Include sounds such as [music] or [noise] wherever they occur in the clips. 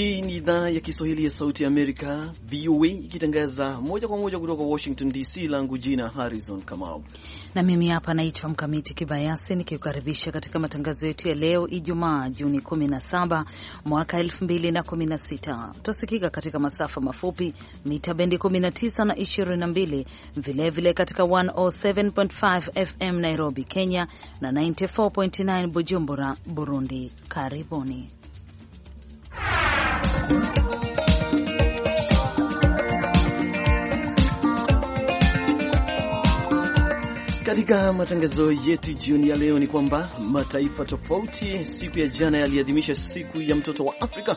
Hii ni idhaa ya Kiswahili ya Sauti ya Amerika, VOA, ikitangaza moja kwa moja kutoka Washington DC. Langu jina Harrison Kamau na mimi hapa naitwa Mkamiti Kibayasi nikiukaribisha katika matangazo yetu ya leo Ijumaa Juni 17 mwaka 2016. Tutasikika katika masafa mafupi mita bendi 19 na 22, vilevile vile katika 107.5 FM Nairobi, Kenya na 94.9 Bujumbura, Burundi. Karibuni. Katika matangazo yetu jioni ya leo ni kwamba mataifa tofauti siku ya jana yaliadhimisha siku ya mtoto wa Afrika,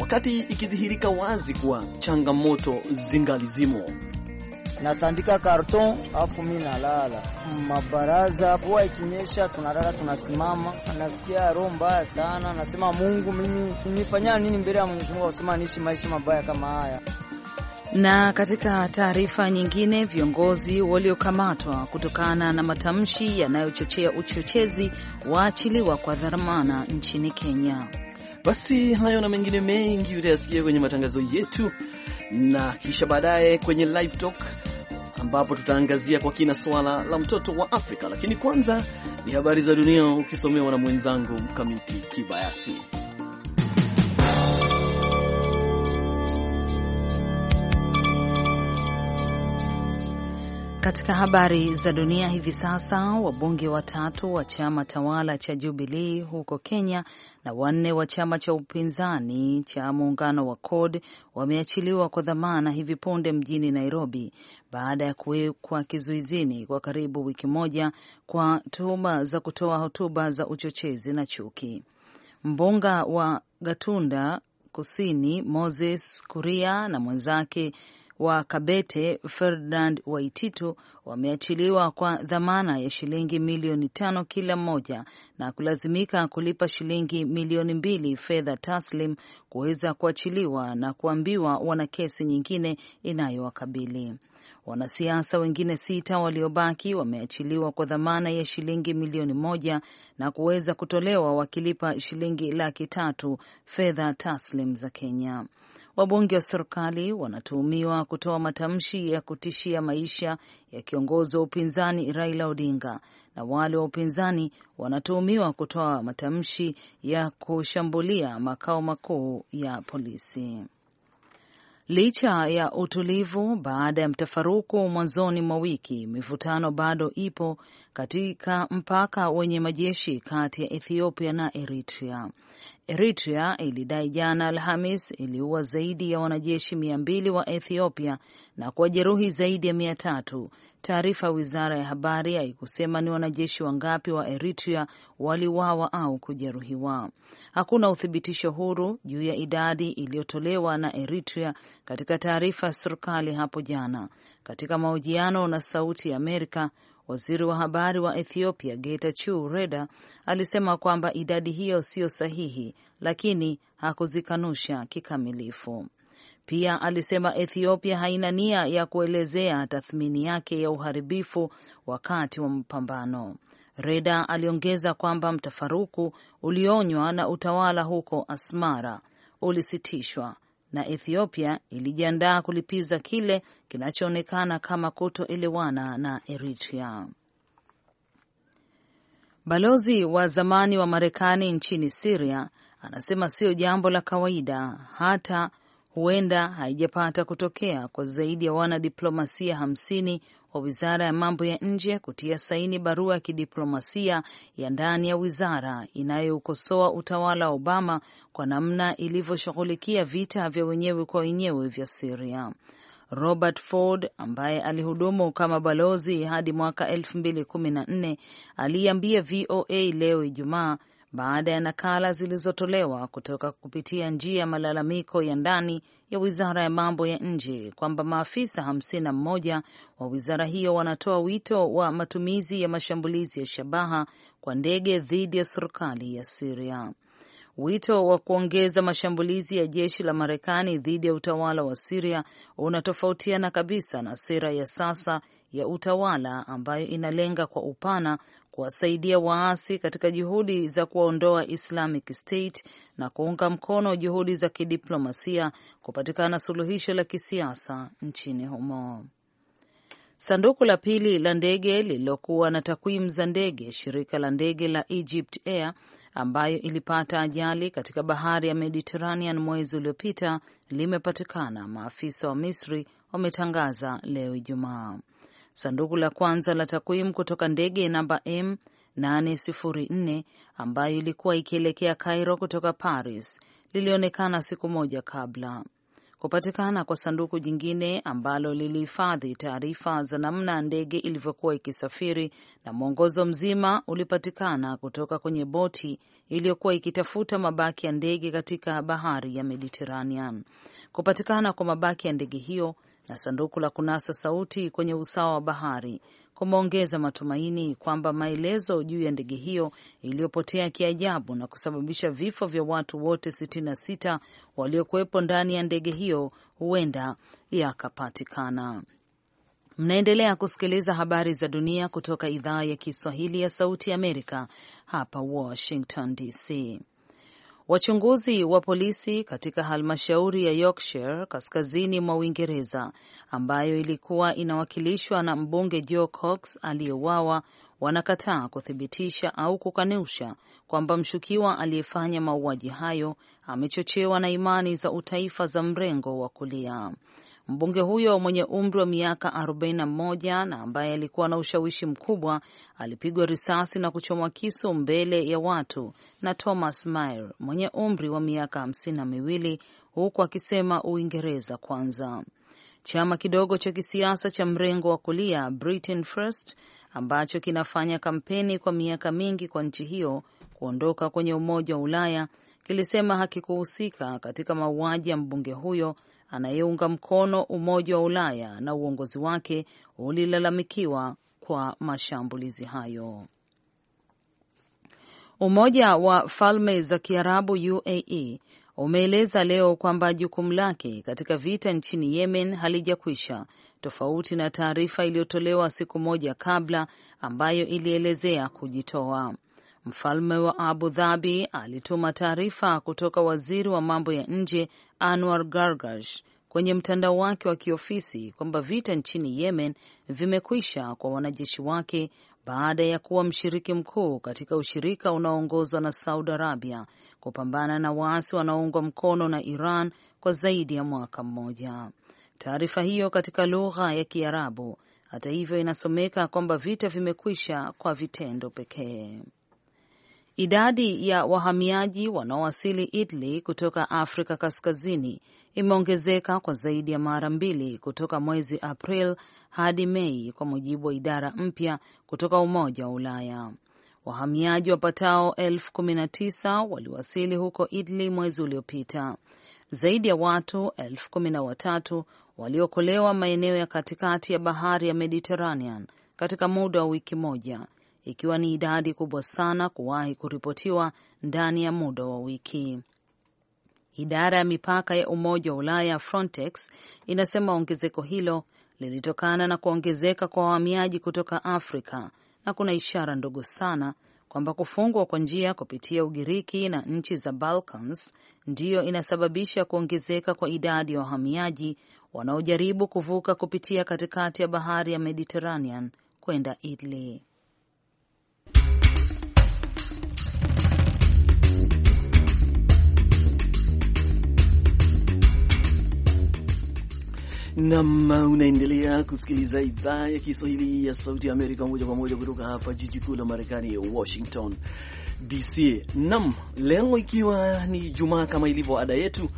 wakati ikidhihirika wazi kuwa changamoto zingali zimo. Natandika karton afu mi nalala mabaraza, huwa ikinyesha tunalala, tunasimama. Nasikia roho mbaya sana, nasema Mungu, mimi nifanya nini mbele ya Mwenyezi Mungu, asema niishi maisha mabaya kama haya. Na katika taarifa nyingine, viongozi waliokamatwa kutokana na matamshi yanayochochea uchochezi waachiliwa kwa dharamana nchini Kenya. Basi hayo na mengine mengi utayasikia kwenye matangazo yetu, na kisha baadaye kwenye live talk ambapo tutaangazia kwa kina swala la mtoto wa Afrika, lakini kwanza ni habari za dunia ukisomewa na mwenzangu Mkamiti Kibayasi. Katika habari za dunia hivi sasa, wabunge watatu wa chama tawala cha Jubilee huko Kenya na wanne wa chama cha upinzani cha muungano wa CORD wameachiliwa kwa dhamana hivi punde mjini Nairobi baada ya kuwekwa kizuizini kwa karibu wiki moja kwa tuhuma za kutoa hotuba za uchochezi na chuki. Mbunga wa Gatunda Kusini Moses Kuria na mwenzake wa Kabete Ferdinand Waititu wameachiliwa kwa dhamana ya shilingi milioni tano kila mmoja na kulazimika kulipa shilingi milioni mbili fedha taslim kuweza kuachiliwa na kuambiwa wana kesi nyingine inayowakabili. Wanasiasa wengine sita waliobaki wameachiliwa kwa dhamana ya shilingi milioni moja na kuweza kutolewa wakilipa shilingi laki tatu fedha taslim za Kenya. Wabunge wa serikali wanatuhumiwa kutoa matamshi ya kutishia maisha ya kiongozi wa upinzani Raila Odinga, na wale wa upinzani wanatuhumiwa kutoa matamshi ya kushambulia makao makuu ya polisi. Licha ya utulivu baada ya mtafaruku mwanzoni mwa wiki, mivutano bado ipo katika mpaka wenye majeshi kati ya Ethiopia na Eritrea. Eritrea ilidai jana Alhamis iliua zaidi ya wanajeshi mia mbili wa Ethiopia na kuwajeruhi zaidi ya mia tatu. Taarifa ya wizara ya habari haikusema ni wanajeshi wangapi wa Eritrea waliwawa au kujeruhiwa. Hakuna uthibitisho huru juu ya idadi iliyotolewa na Eritrea katika taarifa ya serikali hapo jana. Katika mahojiano na Sauti ya Amerika, Waziri wa habari wa Ethiopia Getachew Reda alisema kwamba idadi hiyo siyo sahihi, lakini hakuzikanusha kikamilifu. Pia alisema Ethiopia haina nia ya kuelezea tathmini yake ya uharibifu wakati wa mapambano. Reda aliongeza kwamba mtafaruku ulionywa na utawala huko Asmara ulisitishwa na Ethiopia ilijiandaa kulipiza kile kinachoonekana kama kutoelewana na Eritrea. Balozi wa zamani wa Marekani nchini Siria anasema sio jambo la kawaida, hata huenda haijapata kutokea kwa zaidi ya wanadiplomasia hamsini kwa wizara ya mambo ya nje kutia saini barua ya kidiplomasia ya ndani ya wizara inayoukosoa utawala wa Obama kwa namna ilivyoshughulikia vita vya wenyewe kwa wenyewe vya siria Robert Ford ambaye alihudumu kama balozi hadi mwaka 2014 aliambia VOA leo Ijumaa baada ya nakala zilizotolewa kutoka kupitia njia ya malalamiko ya ndani ya wizara ya mambo ya nje kwamba maafisa hamsini na mmoja wa wizara hiyo wanatoa wito wa matumizi ya mashambulizi ya shabaha kwa ndege dhidi ya serikali ya Siria. Wito wa kuongeza mashambulizi ya jeshi la Marekani dhidi ya utawala wa Siria unatofautiana kabisa na sera ya sasa ya utawala ambayo inalenga kwa upana kuwasaidia waasi katika juhudi za kuwaondoa Islamic State na kuunga mkono juhudi za kidiplomasia kupatikana suluhisho la kisiasa nchini humo. Sanduku la pili la ndege lililokuwa na takwimu za ndege, shirika la ndege la Egypt Air ambayo ilipata ajali katika bahari ya Mediterranean mwezi uliopita limepatikana, maafisa wa Misri wametangaza leo Ijumaa sanduku la kwanza la takwimu kutoka ndege namba M 804 ambayo ilikuwa ikielekea Cairo kutoka Paris lilionekana siku moja kabla. Kupatikana kwa sanduku jingine ambalo lilihifadhi taarifa za namna ndege ilivyokuwa ikisafiri na mwongozo mzima ulipatikana kutoka kwenye boti iliyokuwa ikitafuta mabaki ya ndege katika bahari ya Mediterranean. Kupatikana kwa mabaki ya ndege hiyo na sanduku la kunasa sauti kwenye usawa wa bahari kumeongeza matumaini kwamba maelezo juu ya ndege hiyo iliyopotea kiajabu na kusababisha vifo vya watu wote 66 waliokuwepo ndani ya ndege hiyo huenda yakapatikana. Mnaendelea kusikiliza habari za dunia kutoka idhaa ya Kiswahili ya Sauti ya Amerika hapa Washington DC. Wachunguzi wa polisi katika halmashauri ya Yorkshire kaskazini mwa Uingereza ambayo ilikuwa inawakilishwa na mbunge Joe Cox aliyeuawa wanakataa kuthibitisha au kukanusha kwamba mshukiwa aliyefanya mauaji hayo amechochewa na imani za utaifa za mrengo wa kulia. Mbunge huyo mwenye umri wa miaka 41 na ambaye alikuwa na ushawishi mkubwa alipigwa risasi na kuchomwa kisu mbele ya watu na Thomas Mair mwenye umri wa miaka hamsini na miwili huku akisema Uingereza kwanza. Chama kidogo cha kisiasa cha mrengo wa kulia Britain First ambacho kinafanya kampeni kwa miaka mingi kwa nchi hiyo kuondoka kwenye Umoja wa Ulaya kilisema hakikuhusika katika mauaji ya mbunge huyo anayeunga mkono Umoja wa Ulaya na uongozi wake ulilalamikiwa kwa mashambulizi hayo. Umoja wa Falme za Kiarabu UAE umeeleza leo kwamba jukumu lake katika vita nchini Yemen halijakwisha, tofauti na taarifa iliyotolewa siku moja kabla ambayo ilielezea kujitoa. Mfalme wa Abu Dhabi alituma taarifa kutoka waziri wa mambo ya nje Anwar Gargash kwenye mtandao wake wa kiofisi kwamba vita nchini Yemen vimekwisha kwa wanajeshi wake baada ya kuwa mshiriki mkuu katika ushirika unaoongozwa na Saudi Arabia kupambana na waasi wanaoungwa mkono na Iran kwa zaidi ya mwaka mmoja. Taarifa hiyo katika lugha ya Kiarabu, hata hivyo, inasomeka kwamba vita vimekwisha kwa vitendo pekee. Idadi ya wahamiaji wanaowasili Italy kutoka Afrika Kaskazini imeongezeka kwa zaidi ya mara mbili kutoka mwezi April hadi Mei, kwa mujibu wa idara mpya kutoka Umoja wa Ulaya. Wahamiaji wapatao elfu kumi na tisa waliwasili huko Italy mwezi uliopita. Zaidi ya watu elfu kumi na watatu waliokolewa maeneo ya katikati ya bahari ya Mediterranean katika muda wa wiki moja ikiwa ni idadi kubwa sana kuwahi kuripotiwa ndani ya muda wa wiki. Idara ya mipaka ya Umoja wa Ulaya Frontex inasema ongezeko hilo lilitokana na kuongezeka kwa wahamiaji kutoka Afrika na kuna ishara ndogo sana kwamba kufungwa kwa njia kupitia Ugiriki na nchi za Balkans ndiyo inasababisha kuongezeka kwa idadi ya wahamiaji wanaojaribu kuvuka kupitia katikati ya bahari ya Mediterranean kwenda Italy. Nam, unaendelea kusikiliza idhaa ya Kiswahili ya Sauti ya Amerika moja kwa moja kutoka hapa jiji kuu la Marekani, Washington DC. Nam, leo ikiwa ni Jumaa, kama ilivyo ada yetu,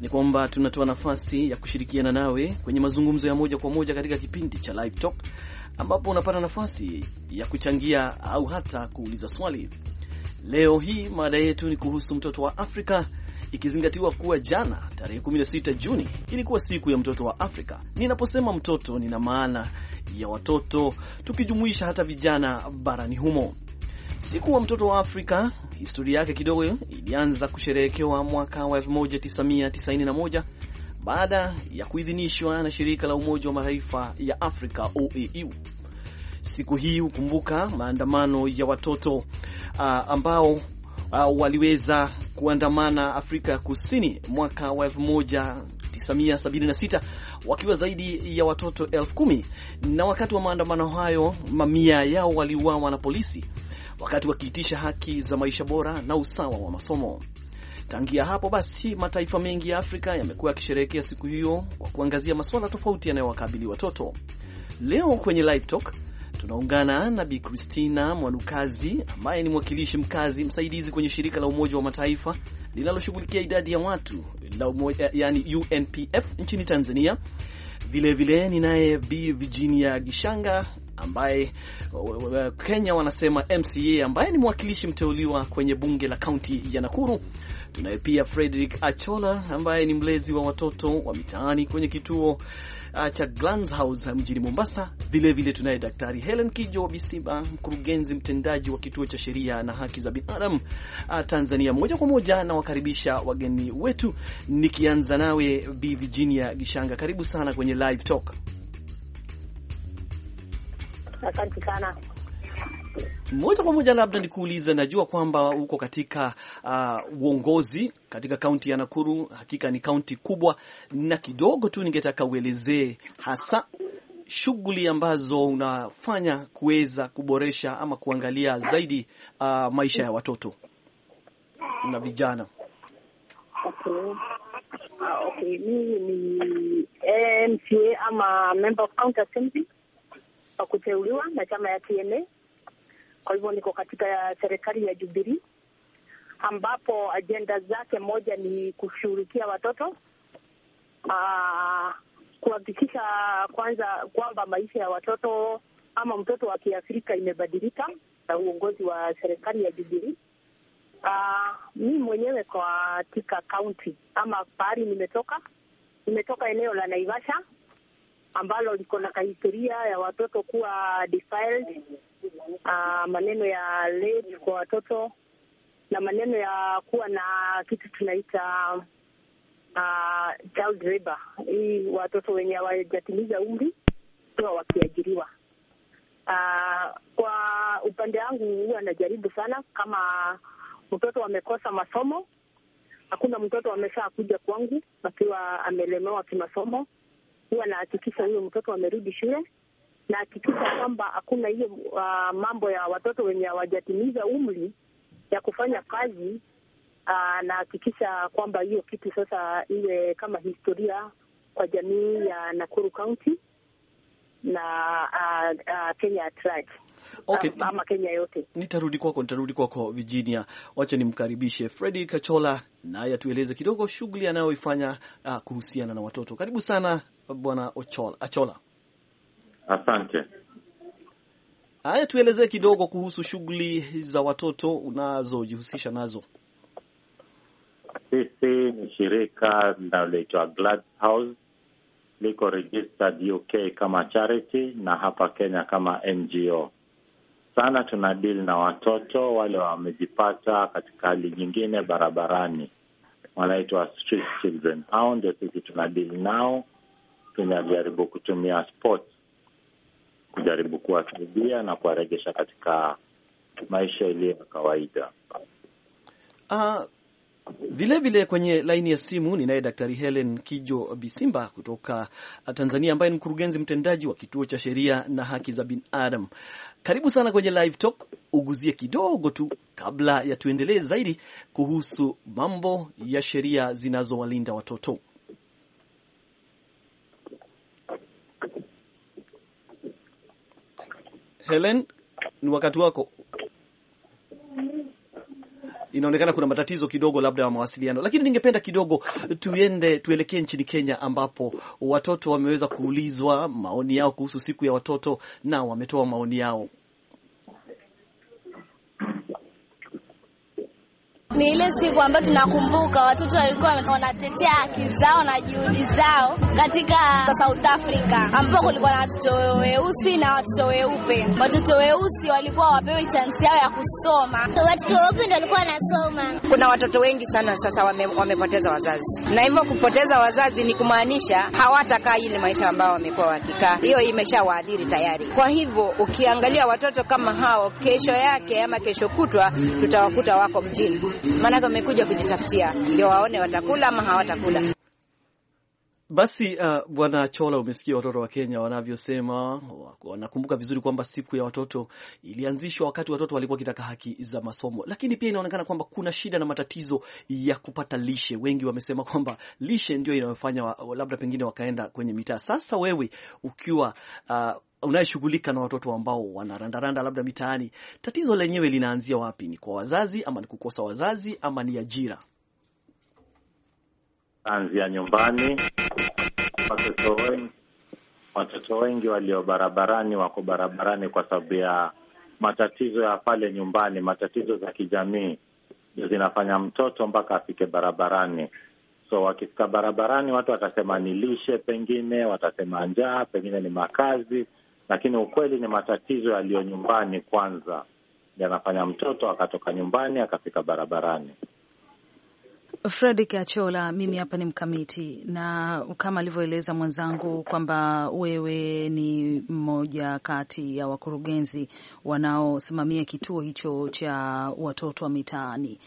ni kwamba tunatoa nafasi ya kushirikiana nawe kwenye mazungumzo ya moja kwa moja katika kipindi cha Live Talk, ambapo unapata nafasi ya kuchangia au hata kuuliza swali. Leo hii mada yetu ni kuhusu mtoto wa Afrika ikizingatiwa kuwa jana tarehe 16 Juni ilikuwa siku ya mtoto wa Afrika. Ninaposema mtoto, nina maana ya watoto, tukijumuisha hata vijana barani humo. Siku wa mtoto wa Afrika, historia yake kidogo, ilianza kusherehekewa mwaka wa 1991 baada ya kuidhinishwa na shirika la Umoja wa Mataifa ya Afrika OAU. E siku hii hukumbuka maandamano ya watoto uh, ambao uh, waliweza kuandamana Afrika Kusini mwaka wa 1976 wakiwa zaidi ya watoto elfu kumi na wakati wa maandamano hayo mamia yao waliuawa na polisi wakati wakiitisha haki za maisha bora na usawa wa masomo. Tangia hapo basi, mataifa mengi ya Afrika yamekuwa yakisherehekea siku hiyo kwa kuangazia masuala tofauti yanayowakabili watoto. Leo kwenye Live Talk Tunaungana na Bi Christina Mwanukazi ambaye ni mwakilishi mkazi msaidizi kwenye shirika la Umoja wa Mataifa linaloshughulikia idadi ya watu la umoja, yani UNPF nchini Tanzania. Vilevile ninaye Bi Virginia Gishanga ambaye Kenya wanasema MCA ambaye ni mwakilishi mteuliwa kwenye bunge la kaunti ya Nakuru. Tunaye pia Frederick Achola ambaye ni mlezi wa watoto wa mitaani kwenye kituo uh, cha glans House mjini Mombasa. Vilevile tunaye Daktari Helen Kijo wa Bisimba, mkurugenzi mtendaji wa kituo cha sheria na haki za binadamu uh, Tanzania. Moja kwa moja nawakaribisha wageni wetu, nikianza nawe Bi Virginia Gishanga, karibu sana kwenye Live Talk. Asante sana. Moja kwa moja labda nikuulize, najua kwamba uko katika uh, uongozi katika kaunti ya Nakuru. Hakika ni kaunti kubwa, na kidogo tu ningetaka uelezee hasa shughuli ambazo unafanya kuweza kuboresha ama kuangalia zaidi uh, maisha ya watoto na vijana. Okay. Ah, okay. Mimi ni MCA ama member of county assembly kwa kuteuliwa na chama ya TNA kwa hivyo niko katika serikali ya jubilii ambapo ajenda zake moja ni kushughulikia watoto kuhakikisha kwanza kwamba maisha ya watoto ama mtoto wa Kiafrika imebadilika na uongozi wa serikali ya jubilii ah, Mi mwenyewe katika kaunti ama pahali nimetoka, nimetoka eneo la Naivasha ambalo liko na kahistoria ya watoto kuwa defiled, uh, maneno ya rape kwa watoto na maneno ya kuwa na kitu tunaita uh, child labor, hii watoto wenye hawajatimiza umri kuwa wakiajiriwa. Uh, kwa upande wangu huwa najaribu sana, kama mtoto amekosa masomo, hakuna mtoto amesha kuja kwangu akiwa amelemewa kimasomo huwa nahakikisha huyo mtoto amerudi shule, nahakikisha kwamba hakuna hiyo uh, mambo ya watoto wenye hawajatimiza umri ya kufanya kazi uh, kwamba hiyo kitu sasa iwe kama historia kwa jamii ya Nakuru County na uh, uh, Kenya at large okay. mama Kenya yote. Nitarudi kwako, nitarudi kwako Virginia. Wacha nimkaribishe Fredi Kachola naye atueleze kidogo shughuli anayoifanya uh, kuhusiana na watoto. Karibu sana bwana Achola. Asante. Haya, tuelezee kidogo kuhusu shughuli za watoto unazojihusisha nazo. Sisi ni shirika linaloitwa Glad House, liko registered UK kama charity na hapa Kenya kama NGO sana tunadili na watoto wale wamejipata katika hali nyingine barabarani, wanaitwa street children. Hao ndio sisi tunadili nao, tunajaribu kutumia sports kujaribu kuwasaidia na kuwaregesha katika maisha iliyo ya kawaida. Uh, Vilevile vile kwenye laini ya simu ninaye Daktari Helen Kijo Bisimba kutoka Tanzania, ambaye ni mkurugenzi mtendaji wa kituo cha sheria na haki za binadamu. Karibu sana kwenye Live Talk, uguzie kidogo tu kabla ya tuendelee zaidi kuhusu mambo ya sheria zinazowalinda watoto. Helen, ni wakati wako inaonekana kuna matatizo kidogo labda ya mawasiliano, lakini ningependa kidogo tuende tuelekee nchini Kenya ambapo watoto wameweza kuulizwa maoni yao kuhusu siku ya watoto na wametoa maoni yao. Ni ile siku ambayo tunakumbuka watoto walikuwa wanatetea haki zao na juhudi zao katika South Africa, ambapo kulikuwa na watoto weusi na watoto weupe. Watoto weusi walikuwa wapewe chansi yao ya kusoma, watoto weupe ndio walikuwa wanasoma. Kuna watoto wengi sana sasa wame, wamepoteza wazazi, na hivyo kupoteza wazazi ni kumaanisha hawatakaa ile maisha ambao wamekuwa wakikaa, hiyo imeshawaadhiri tayari. Kwa hivyo ukiangalia watoto kama hao, kesho yake ama kesho kutwa tutawakuta wako mjini maanake wamekuja kujitafutia, ndio waone watakula ama hawatakula. Basi uh, bwana Chola, umesikia watoto wa Kenya wanavyosema. Wanakumbuka vizuri kwamba siku ya watoto ilianzishwa wakati watoto walikuwa kitaka haki za masomo, lakini pia inaonekana kwamba kuna shida na matatizo ya kupata lishe. Wengi wamesema kwamba lishe ndio inayofanya labda pengine wakaenda kwenye mitaa. Sasa wewe ukiwa uh, unayeshughulika na watoto ambao wanarandaranda labda mitaani, tatizo lenyewe linaanzia wapi? Ni kwa wazazi ama ni kukosa wazazi ama ni ajira? Anzia nyumbani. Watoto wengi, watoto wengi walio barabarani wako barabarani kwa sababu ya matatizo ya pale nyumbani, matatizo za kijamii zinafanya mtoto mpaka afike barabarani. So wakifika barabarani, watu watasema ni lishe, pengine watasema njaa, pengine ni makazi, lakini ukweli ni matatizo yaliyo nyumbani kwanza yanafanya mtoto akatoka nyumbani akafika barabarani. Fred Kachola, mimi hapa ni mkamiti, na kama alivyoeleza mwenzangu kwamba wewe ni mmoja kati ya wakurugenzi wanaosimamia kituo hicho cha watoto wa mitaani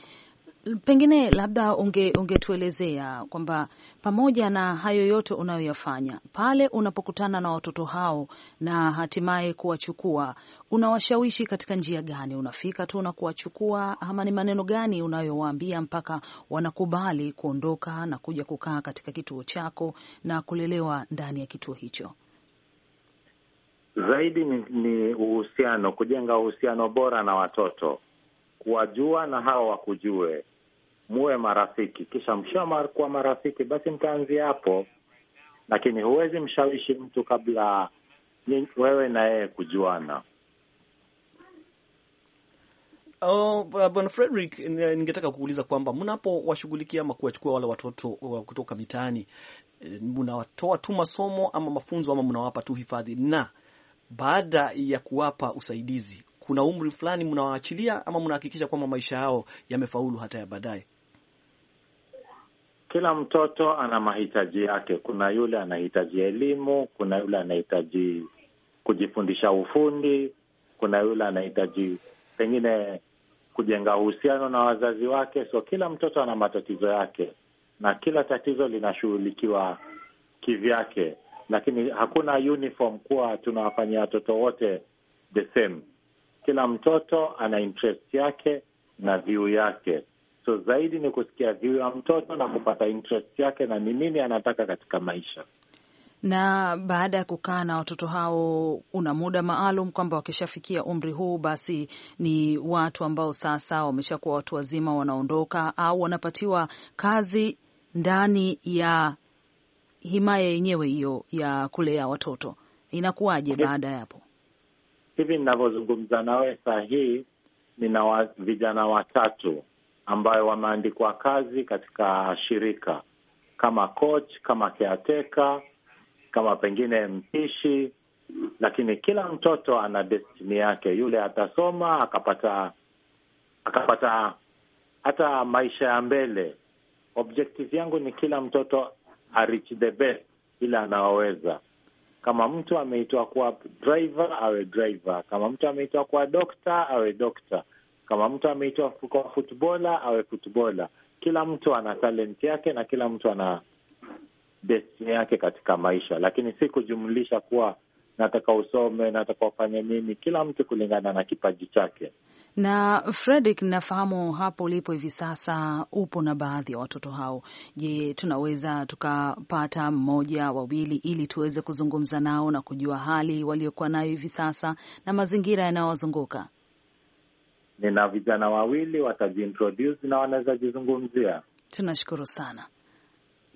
pengine labda unge ungetuelezea kwamba pamoja na hayo yote unayoyafanya pale unapokutana na watoto hao na hatimaye kuwachukua, unawashawishi katika njia gani? Unafika tu na kuwachukua ama ni maneno gani unayowaambia mpaka wanakubali kuondoka na kuja kukaa katika kituo chako na kulelewa ndani ya kituo hicho? Zaidi ni, ni uhusiano, kujenga uhusiano bora na watoto, kuwajua na hawa wakujue muwe marafiki, kisha mshama kuwa marafiki, basi mtaanzia hapo, lakini huwezi mshawishi mtu kabla wewe na yeye kujuana. Oh, uh, Bwana Frederick, ningetaka kuuliza kwamba mnapowashughulikia ama kuwachukua wale watoto kutoka mitaani, eh, mnawatoa tu masomo ama mafunzo ama mnawapa tu hifadhi? Na baada ya kuwapa usaidizi, kuna umri fulani mnawaachilia ama mnahakikisha kwamba maisha yao yamefaulu hata ya baadaye? kila mtoto ana mahitaji yake. Kuna yule anahitaji elimu, kuna yule anahitaji kujifundisha ufundi, kuna yule anahitaji pengine kujenga uhusiano na wazazi wake. So kila mtoto ana matatizo yake, na kila tatizo linashughulikiwa kivyake, lakini hakuna uniform kuwa tunawafanyia watoto wote the same. Kila mtoto ana interest yake na view yake. So zaidi ni kusikia viu ya mtoto na kupata interest yake na ni nini anataka katika maisha. Na baada ya kukaa na watoto hao, una muda maalum kwamba wakishafikia umri huu, basi ni watu ambao sasa wameshakuwa watu wazima, wanaondoka au wanapatiwa kazi ndani ya himaya yenyewe hiyo ya kulea watoto. Inakuwaje baada ya hapo? Hivi ninavyozungumza nawe saa hii, nina vijana watatu ambayo wameandikwa kazi katika shirika kama coach, kama caretaker, kama pengine mpishi, lakini kila mtoto ana destini yake. Yule atasoma akapata akapata hata maisha ya mbele. Objective yangu ni kila mtoto arich the best ila anaoweza. Kama mtu ameitwa kuwa driver awe driver, kama mtu ameitwa kuwa dokta awe dokta. Kama mtu ameitwa kwa futbola, awe futbola. Kila mtu ana talenti yake na kila mtu ana destini yake katika maisha, lakini si kujumlisha kuwa nataka usome, nataka ufanye nini. Kila mtu kulingana na kipaji chake. Na Fredrick, nafahamu hapo ulipo hivi sasa upo na baadhi ya watoto hao. Je, tunaweza tukapata mmoja wawili, ili tuweze kuzungumza nao na kujua hali waliokuwa nayo hivi sasa na mazingira yanayowazunguka? nina vijana wawili watajiintroduce na wanaweza jizungumzia. Tunashukuru sana,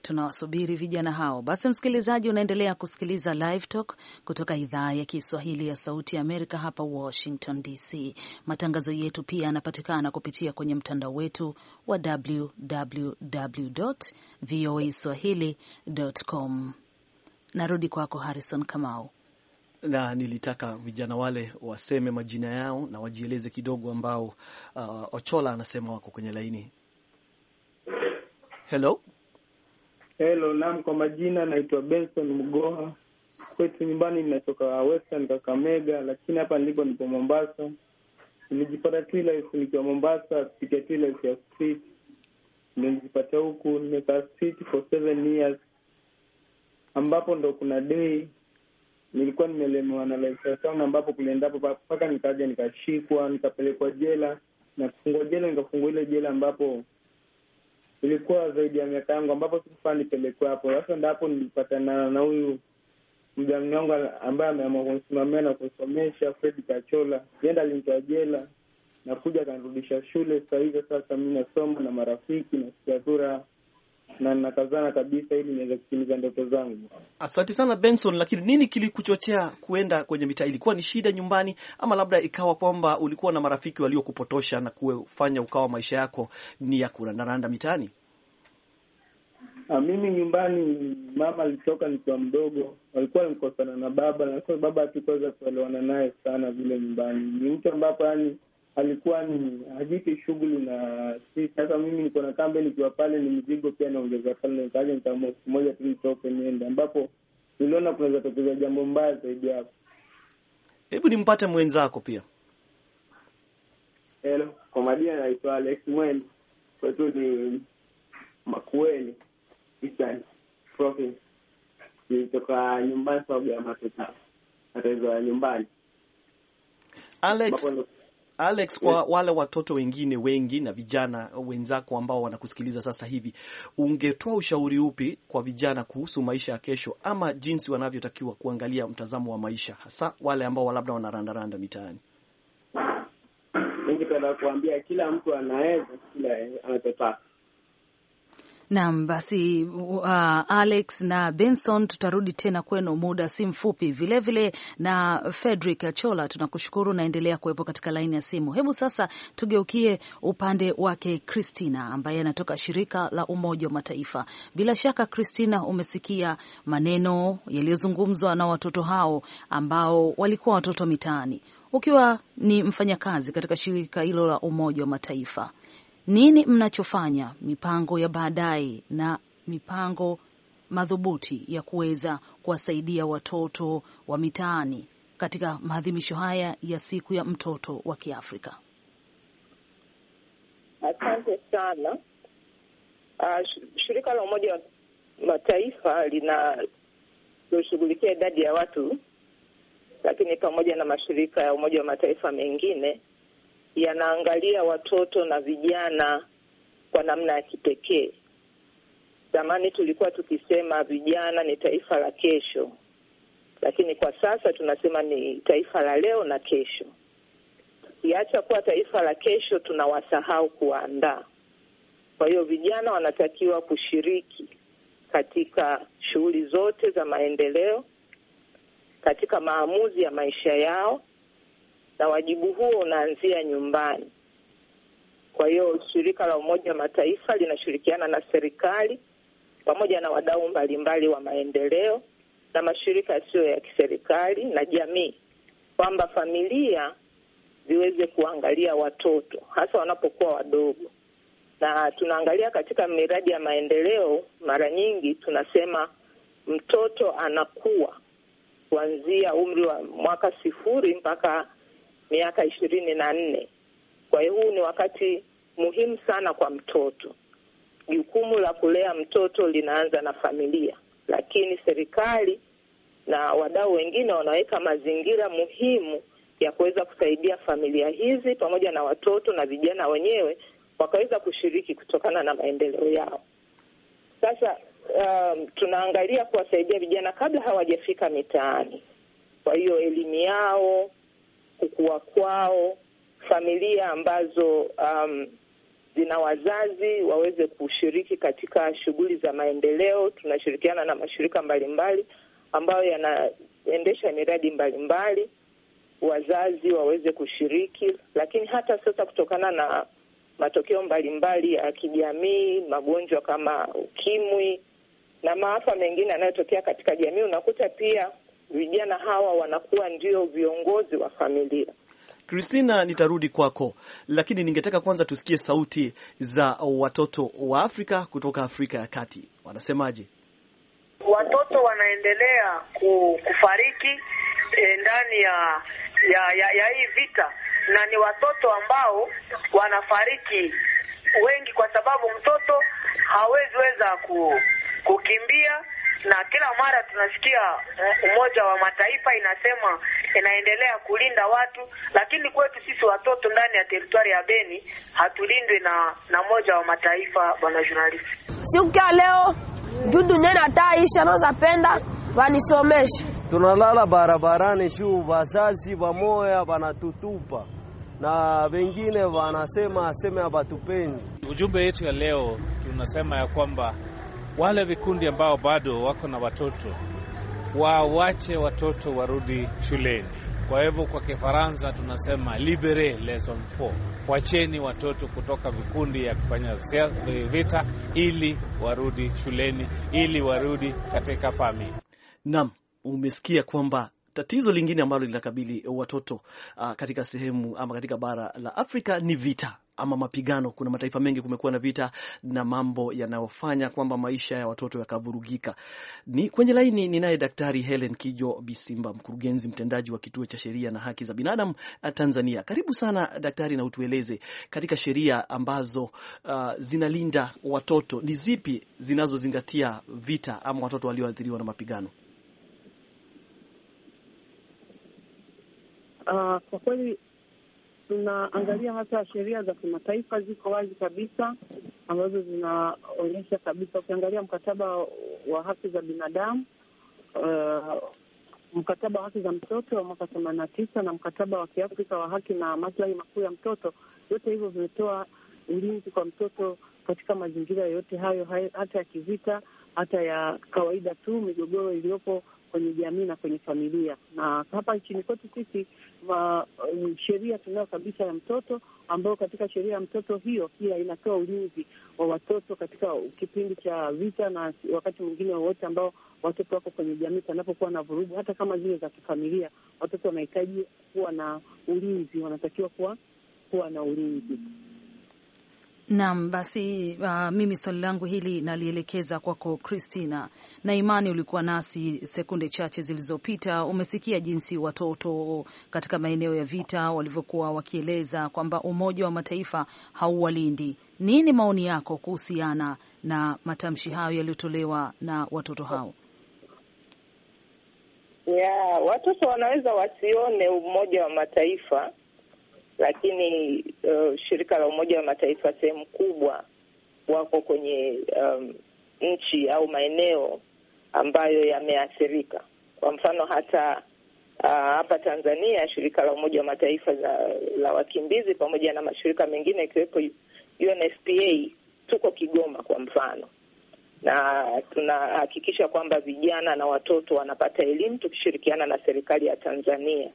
tunawasubiri vijana hao. Basi msikilizaji, unaendelea kusikiliza Live Talk kutoka idhaa ya Kiswahili ya Sauti ya Amerika hapa Washington DC. Matangazo yetu pia yanapatikana kupitia kwenye mtandao wetu wa www voa swahili com. Narudi kwako Harrison Kamau na nilitaka vijana wale waseme majina yao na wajieleze kidogo, ambao uh, Ochola anasema wako kwenye laini. Hello, hello. Naam, kwa majina naitwa Benson Mgoha, kwetu nyumbani ninatoka Western Kakamega, lakini hapa nilipo nipo Mombasa. Nimejipata tu nikiwa Mombasa kupitia tu ya street, ndio huku. Nimekaa street for seven years, ambapo ndo kuna day nilikuwa nimelemewa na lifestyle ambapo kuliendapo mpaka nikaja nikashikwa nikapelekwa jela na kufungwa jela, nikafungua ile jela ambapo ilikuwa zaidi ya miaka yangu, ambapo sikufaa nipelekwe hapo. Sasa ndapo nilipatana na huyu mjamni wangu ambaye ameamua kunisimamia na kusomesha Fred Kachola. Yenda alinitoa jela na kuja akanirudisha shule. Sasa sasa mi nasoma na marafiki na sikia na nakazana kabisa ili niweze kutimiza ndoto zangu. Asante sana Benson, lakini nini kilikuchochea kuenda kwenye mitaa? Ilikuwa ni shida nyumbani, ama labda ikawa kwamba ulikuwa na marafiki waliokupotosha na kufanya ukawa maisha yako ni ya kurandaranda mitaani? Ah, mimi nyumbani mama alitoka nikiwa mdogo, walikuwa nikosana na baba, na baba hatukuweza kuelewana naye sana vile nyumbani. Ni mtu ambapo yani alikuwa ni hajiki shughuli na si. Sasa mimi niko na kambe nikiwa pale, ni mzigo pia naongeza pale, nikaja nikaamua siku moja tu nitoke niende, ambapo niliona kunaweza tokeza jambo mbaya zaidi hapo. Hebu nimpate mwenzako pia. Hello, kwa majina naitwa Alex Mwendo, kwetu ni Makueni Eastern Province. Nilitoka nyumbani sababu ya matatizo ya nyumbani Alex Alex, kwa eh. wale watoto wengine wengi na vijana wenzako ambao wanakusikiliza sasa hivi, ungetoa ushauri upi kwa vijana kuhusu maisha ya kesho, ama jinsi wanavyotakiwa kuangalia mtazamo wa maisha, hasa wale ambao labda wanarandaranda mitaani? Ningependa kuambia kila mtu anaweza kila anachotaka Naam, basi uh, Alex na Benson, tutarudi tena kwenu muda si mfupi vilevile na Fredrick Achola, tunakushukuru naendelea kuwepo katika laini ya simu. Hebu sasa tugeukie upande wake Christina ambaye anatoka shirika la Umoja wa Mataifa. Bila shaka Christina, umesikia maneno yaliyozungumzwa na watoto hao ambao walikuwa watoto mitaani ukiwa ni mfanyakazi katika shirika hilo la Umoja wa Mataifa, nini mnachofanya, mipango ya baadaye na mipango madhubuti ya kuweza kuwasaidia watoto wa mitaani katika maadhimisho haya ya siku ya mtoto wa Kiafrika? Asante sana. Uh, shirika la Umoja wa Mataifa linaloshughulikia idadi ya watu, lakini pamoja na mashirika ya Umoja wa Mataifa mengine yanaangalia watoto na vijana kwa namna ya kipekee. Zamani tulikuwa tukisema vijana ni taifa la kesho, lakini kwa sasa tunasema ni taifa la leo na kesho. Tukiacha kuwa taifa la kesho, tunawasahau kuwaandaa. Kwa hiyo vijana wanatakiwa kushiriki katika shughuli zote za maendeleo, katika maamuzi ya maisha yao, na wajibu huo unaanzia nyumbani. Kwa hiyo shirika la Umoja wa Mataifa linashirikiana na serikali pamoja na wadau mbalimbali wa maendeleo na mashirika yasiyo ya kiserikali na jamii kwamba familia ziweze kuangalia watoto hasa wanapokuwa wadogo. Na tunaangalia katika miradi ya maendeleo, mara nyingi tunasema mtoto anakuwa kuanzia umri wa mwaka sifuri mpaka miaka ishirini na nne. Kwa hiyo huu ni wakati muhimu sana kwa mtoto. Jukumu la kulea mtoto linaanza na familia, lakini serikali na wadau wengine wanaweka mazingira muhimu ya kuweza kusaidia familia hizi pamoja na watoto na vijana wenyewe wakaweza kushiriki kutokana na maendeleo yao. Sasa um, tunaangalia kuwasaidia vijana kabla hawajafika mitaani, kwa hiyo elimu yao kukua kwao, familia ambazo um, zina wazazi waweze kushiriki katika shughuli za maendeleo. Tunashirikiana na mashirika mbalimbali mbali, ambayo yanaendesha miradi mbalimbali mbali. Wazazi waweze kushiriki, lakini hata sasa kutokana na matokeo mbalimbali mbali ya kijamii, magonjwa kama ukimwi na maafa mengine yanayotokea katika jamii, unakuta pia vijana hawa wanakuwa ndio viongozi wa familia. kristina nitarudi kwako, lakini ningetaka kwanza tusikie sauti za watoto wa Afrika kutoka Afrika ya Kati, wanasemaje? Watoto wanaendelea kufariki eh, ndani ya ya, ya ya hii vita, na ni watoto ambao wanafariki wengi, kwa sababu mtoto hawezi weza ku, kukimbia na kila mara tunasikia eh, Umoja wa Mataifa inasema inaendelea kulinda watu, lakini kwetu sisi watoto ndani ya teritwari ya Beni hatulindwi na na Umoja wa Mataifa. Bwana journalist, siku ya leo judu nene ataisha nozapenda wanisomeshe, tunalala barabarani juu wazazi wamoya wanatutupa na wengine wanasema aseme abatupendi. Ujumbe yetu ya leo tunasema ya kwamba wale vikundi ambao bado wako na watoto waache watoto warudi shuleni. Kwa hivyo kwa Kifaransa tunasema libere les enfants, wacheni watoto kutoka vikundi ya kufanya vita ili warudi shuleni, ili warudi katika familia. Naam, umesikia kwamba tatizo lingine ambalo linakabili watoto uh, katika sehemu ama katika bara la Afrika ni vita ama mapigano. Kuna mataifa mengi kumekuwa na vita na mambo yanayofanya kwamba maisha ya watoto yakavurugika. Ni kwenye laini ninaye Daktari Helen Kijo Bisimba, mkurugenzi mtendaji wa kituo cha sheria na haki za binadamu uh, Tanzania. Karibu sana daktari, na utueleze katika sheria ambazo uh, zinalinda watoto ni zipi zinazozingatia vita ama watoto walioathiriwa na mapigano? Uh, kwa kweli tunaangalia hasa sheria za kimataifa ziko wazi kabisa, ambazo zinaonyesha kabisa. Ukiangalia mkataba wa haki za binadamu uh, mkataba wa haki za mtoto wa mwaka themanini na tisa na mkataba wa Kiafrika wa haki na maslahi makuu ya mtoto, vyote hivyo vimetoa ulinzi kwa mtoto katika mazingira yoyote hayo, hata ya kivita, hata ya kawaida tu, migogoro iliyopo kwenye jamii na kwenye familia. Na hapa nchini kwetu sisi um, sheria tunayo kabisa ya mtoto, ambayo katika sheria ya mtoto hiyo pia inatoa ulinzi wa watoto katika kipindi cha vita na wakati mwingine wowote ambao watoto wako kwenye jamii panapokuwa na vurugu, hata kama zile za kifamilia. Watoto wanahitaji kuwa na ulinzi, wanatakiwa kuwa kuwa na ulinzi. Naam, basi uh, mimi swali langu hili nalielekeza kwako Christina, na imani ulikuwa nasi sekunde chache zilizopita. Umesikia jinsi watoto katika maeneo ya vita walivyokuwa wakieleza kwamba Umoja wa Mataifa hauwalindi. Nini maoni yako kuhusiana na matamshi hayo yaliyotolewa na watoto hao? Yeah, watoto wanaweza wasione Umoja wa Mataifa lakini uh, shirika la Umoja wa Mataifa sehemu kubwa wako kwenye um, nchi au maeneo ambayo yameathirika. Kwa mfano hata uh, hapa Tanzania shirika la Umoja wa Mataifa la, la wakimbizi pamoja na mashirika mengine ikiwepo UNFPA tuko Kigoma kwa mfano, na tunahakikisha kwamba vijana na watoto wanapata elimu tukishirikiana na serikali ya Tanzania.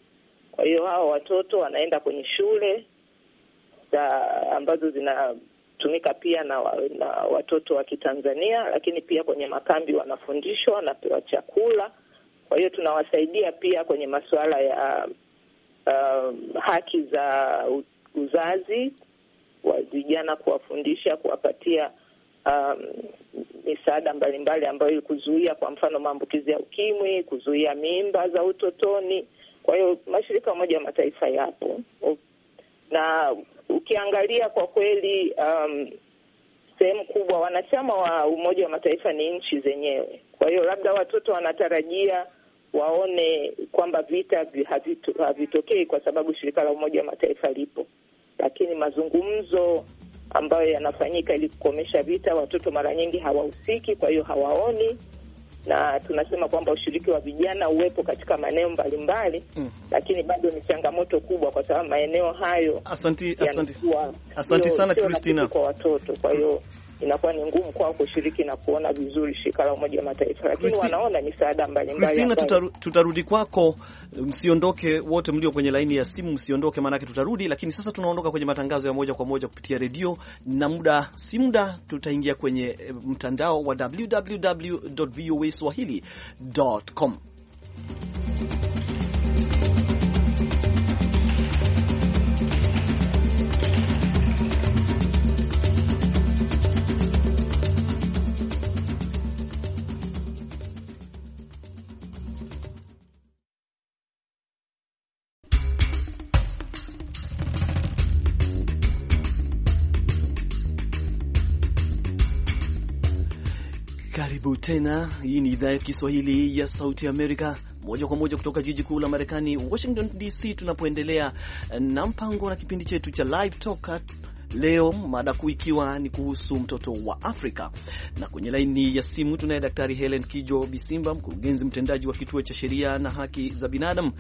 Kwa hiyo hao watoto wanaenda kwenye shule za ambazo zinatumika pia na, wa, na watoto wa Kitanzania, lakini pia kwenye makambi wanafundishwa, wanapewa chakula. Kwa hiyo tunawasaidia pia kwenye masuala ya um, haki za uzazi wa vijana, kuwafundisha, kuwapatia um, misaada mbalimbali ambayo kuzuia, kwa mfano maambukizi ya UKIMWI, kuzuia mimba za utotoni kwa hiyo mashirika ya Umoja wa Mataifa yapo na ukiangalia kwa kweli, um, sehemu kubwa wanachama wa Umoja wa Mataifa ni nchi zenyewe. Kwa hiyo labda watoto wanatarajia waone kwamba vita havitokei kwa sababu shirika la Umoja wa Mataifa lipo, lakini mazungumzo ambayo yanafanyika ili kukomesha vita, watoto mara nyingi hawahusiki, kwa hiyo hawaoni na tunasema kwamba ushiriki wa vijana uwepo katika maeneo mbalimbali mm. Lakini bado ni changamoto kubwa, kwa sababu maeneo hayo asanti, asanti. Asanti sana Christina, kwa watoto, kwa hiyo inakuwa ni ngumu kwao kushiriki na kuona vizuri shirika la Umoja wa Mataifa, lakini wanaona misaada mbalimbali. Christina, tutaru, tutarudi kwako, msiondoke wote mlio kwenye laini ya simu, msiondoke maanake tutarudi. Lakini sasa tunaondoka kwenye matangazo ya moja kwa moja kupitia redio, na muda si muda tutaingia kwenye eh, mtandao wa www.voa Swahili.com. Karibu tena. Hii ni idhaa ya Kiswahili ya Sauti Amerika, moja kwa moja kutoka jiji kuu la Marekani, Washington DC, tunapoendelea na mpango na kipindi chetu cha Live Talk. Leo mada kuu ikiwa ni kuhusu mtoto wa Afrika, na kwenye laini ya simu tunaye Daktari Helen Kijo Bisimba, mkurugenzi mtendaji wa kituo cha sheria na haki za binadamu,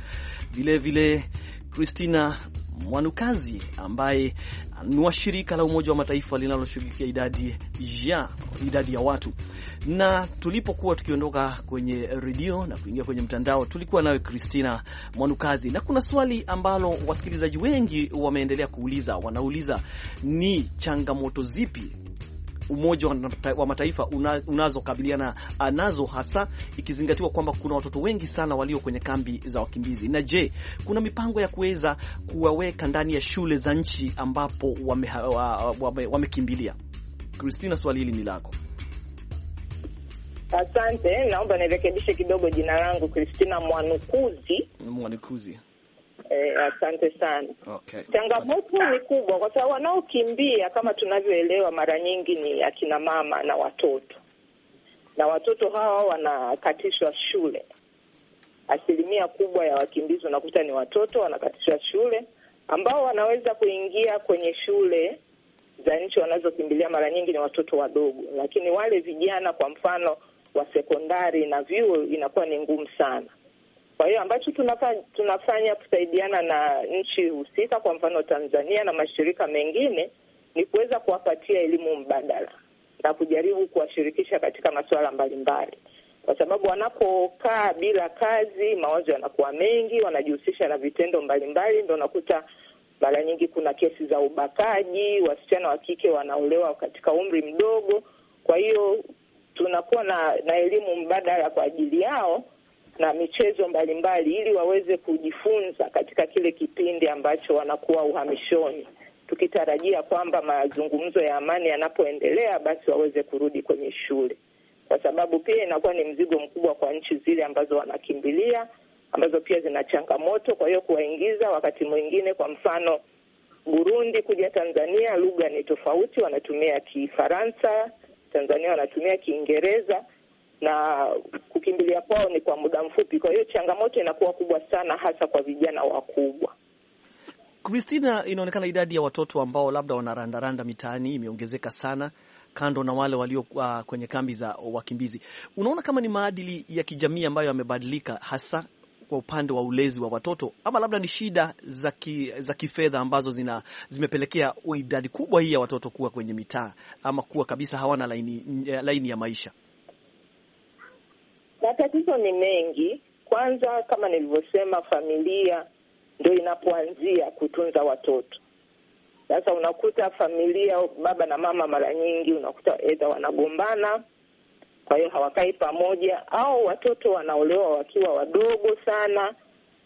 vilevile Christina Mwanukazi ambaye ah, ni wa shirika la Umoja wa Mataifa linaloshughulikia idadi ya idadi ya watu. Na tulipokuwa tukiondoka kwenye redio na kuingia kwenye mtandao, tulikuwa nawe Christina Mwanukazi, na kuna swali ambalo wasikilizaji wengi wameendelea kuuliza. Wanauliza, ni changamoto zipi Umoja wa Mataifa unazokabiliana ah, nazo hasa ikizingatiwa kwamba kuna watoto wengi sana walio kwenye kambi za wakimbizi. Na je, kuna mipango ya kuweza kuwaweka ndani ya shule za nchi ambapo ah, wamekimbilia? wame, wame Kristina, swali hili ni lako. Asante, naomba nirekebishe kidogo, jina langu Kristina Mwanukuzi. Mwanukuzi. Eh, asante sana. Okay. Changamoto ni kubwa kwa sababu wanaokimbia kama tunavyoelewa mara nyingi ni akina mama na watoto, na watoto hawa wanakatishwa shule. Asilimia kubwa ya wakimbizi unakuta ni watoto wanakatishwa shule, ambao wanaweza kuingia kwenye shule za nchi wanazokimbilia mara nyingi ni watoto wadogo, lakini wale vijana kwa mfano wa sekondari na vyuo inakuwa ni ngumu sana. Kwa hiyo ambacho tunafanya, tunafanya kusaidiana na nchi husika, kwa mfano Tanzania na mashirika mengine, ni kuweza kuwapatia elimu mbadala na kujaribu kuwashirikisha katika masuala mbalimbali, kwa sababu wanapokaa bila kazi, mawazo yanakuwa mengi, wanajihusisha na vitendo mbalimbali, ndo unakuta mara nyingi kuna kesi za ubakaji, wasichana wa kike wanaolewa katika umri mdogo. Kwa hiyo tunakuwa na, na elimu mbadala kwa ajili yao na michezo mbalimbali, ili waweze kujifunza katika kile kipindi ambacho wanakuwa uhamishoni, tukitarajia kwamba mazungumzo ya amani yanapoendelea, basi waweze kurudi kwenye shule, kwa sababu pia inakuwa ni mzigo mkubwa kwa nchi zile ambazo wanakimbilia, ambazo pia zina changamoto. Kwa hiyo kuwaingiza wakati mwingine, kwa mfano Burundi kuja Tanzania, lugha ni tofauti, wanatumia Kifaransa, Tanzania wanatumia Kiingereza na kukimbilia kwao ni kwa muda mfupi. Kwa hiyo changamoto inakuwa kubwa sana, hasa kwa vijana wakubwa. Kristina, inaonekana idadi ya watoto ambao labda wanarandaranda mitaani imeongezeka sana, kando na wale walio uh, kwenye kambi za wakimbizi. Unaona kama ni maadili ya kijamii ambayo yamebadilika hasa kwa upande wa ulezi wa watoto, ama labda ni shida za ki, za kifedha ambazo zina, zimepelekea idadi kubwa hii ya watoto kuwa kwenye mitaa ama kuwa kabisa hawana laini, eh, laini ya maisha? Matatizo ni mengi. Kwanza, kama nilivyosema, familia ndo inapoanzia kutunza watoto. Sasa unakuta familia, baba na mama, mara nyingi unakuta edha wanagombana, kwa hiyo hawakai pamoja, au watoto wanaolewa wakiwa wadogo sana,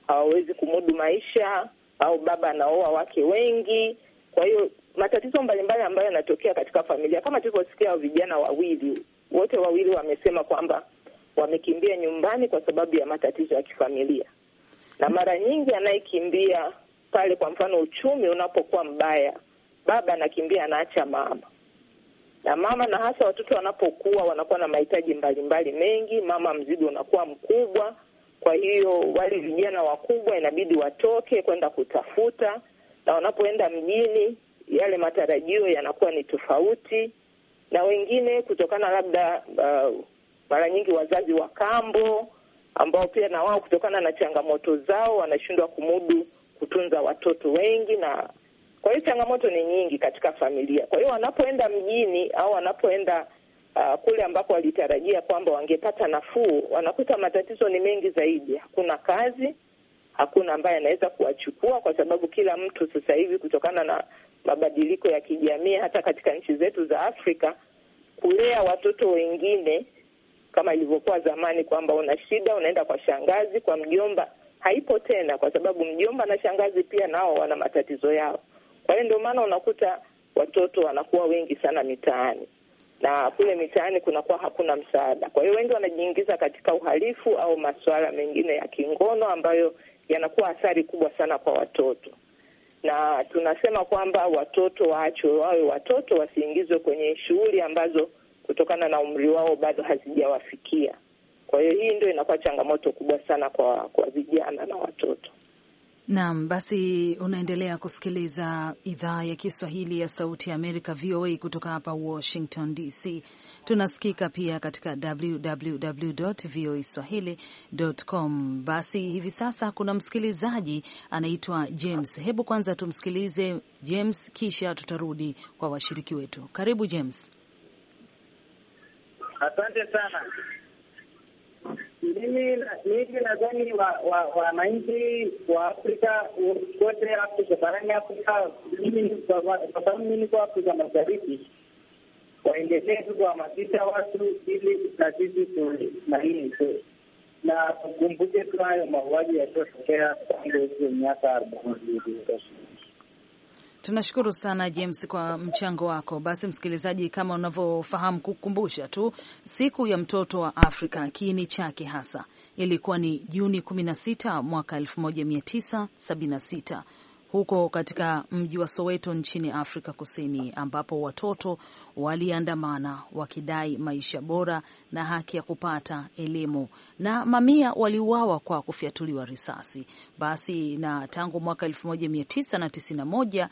hawawezi kumudu maisha, au baba anaoa wake wengi. Kwa hiyo matatizo mbalimbali ambayo yanatokea katika familia, kama tulivyosikia vijana wawili, wote wawili wamesema kwamba wamekimbia nyumbani kwa sababu ya matatizo ya kifamilia, na mara nyingi anayekimbia pale, kwa mfano, uchumi unapokuwa mbaya, baba anakimbia anaacha mama na mama, na hasa watoto wanapokuwa wanakuwa na mahitaji mbalimbali mengi, mama mzigo unakuwa mkubwa. Kwa hiyo wale vijana wakubwa inabidi watoke kwenda kutafuta, na wanapoenda mjini yale matarajio yanakuwa ni tofauti, na wengine kutokana labda uh, mara nyingi wazazi wa kambo ambao pia na wao kutokana na changamoto zao wanashindwa kumudu kutunza watoto wengi, na kwa hiyo changamoto ni nyingi katika familia. Kwa hiyo wanapoenda mjini au wanapoenda uh, kule ambako walitarajia kwamba wangepata nafuu, wanakuta matatizo ni mengi zaidi. Hakuna kazi, hakuna ambaye anaweza kuwachukua, kwa sababu kila mtu sasa hivi kutokana na mabadiliko ya kijamii, hata katika nchi zetu za Afrika, kulea watoto wengine kama ilivyokuwa zamani, kwamba una shida unaenda kwa shangazi, kwa mjomba. Haipo tena, kwa sababu mjomba na shangazi pia nao wana matatizo yao. Kwa hiyo ndio maana unakuta watoto wanakuwa wengi sana mitaani, na kule mitaani kunakuwa hakuna msaada. Kwa hiyo wengi wanajiingiza katika uhalifu au masuala mengine ya kingono ambayo yanakuwa athari kubwa sana kwa watoto na tunasema kwamba watoto waachwe wawe watoto, wasiingizwe kwenye shughuli ambazo kutokana na umri wao bado hazijawafikia. Kwa hiyo hii ndio inakuwa changamoto kubwa sana kwa kwa vijana na watoto. Naam, basi unaendelea kusikiliza idhaa ya Kiswahili ya Sauti ya Amerika, VOA, kutoka hapa Washington DC. Tunasikika pia katika www voa swahilicom. Basi hivi sasa kuna msikilizaji anaitwa James. Hebu kwanza tumsikilize James, kisha tutarudi kwa washiriki wetu. Karibu James. Asante sana. Mimi mimi nadhani wananchi wa Afrika kote Afrika barani Afrika, mimi kwa sababu mimi niko Afrika Mashariki, waendelee tu kuhamasisha watu ili na sisi tunanii na tukumbuke tu hayo mauaji yaliyotokea tangu hizo miaka arobaini iliyopita. Tunashukuru sana James kwa mchango wako. Basi msikilizaji, kama unavyofahamu, kukumbusha tu siku ya mtoto wa Afrika, kiini chake hasa ilikuwa ni Juni 16 mwaka 1976 huko katika mji wa Soweto nchini Afrika Kusini, ambapo watoto waliandamana wakidai maisha bora na haki ya kupata elimu, na mamia waliuawa kwa kufyatuliwa risasi. Basi na tangu mwaka 1991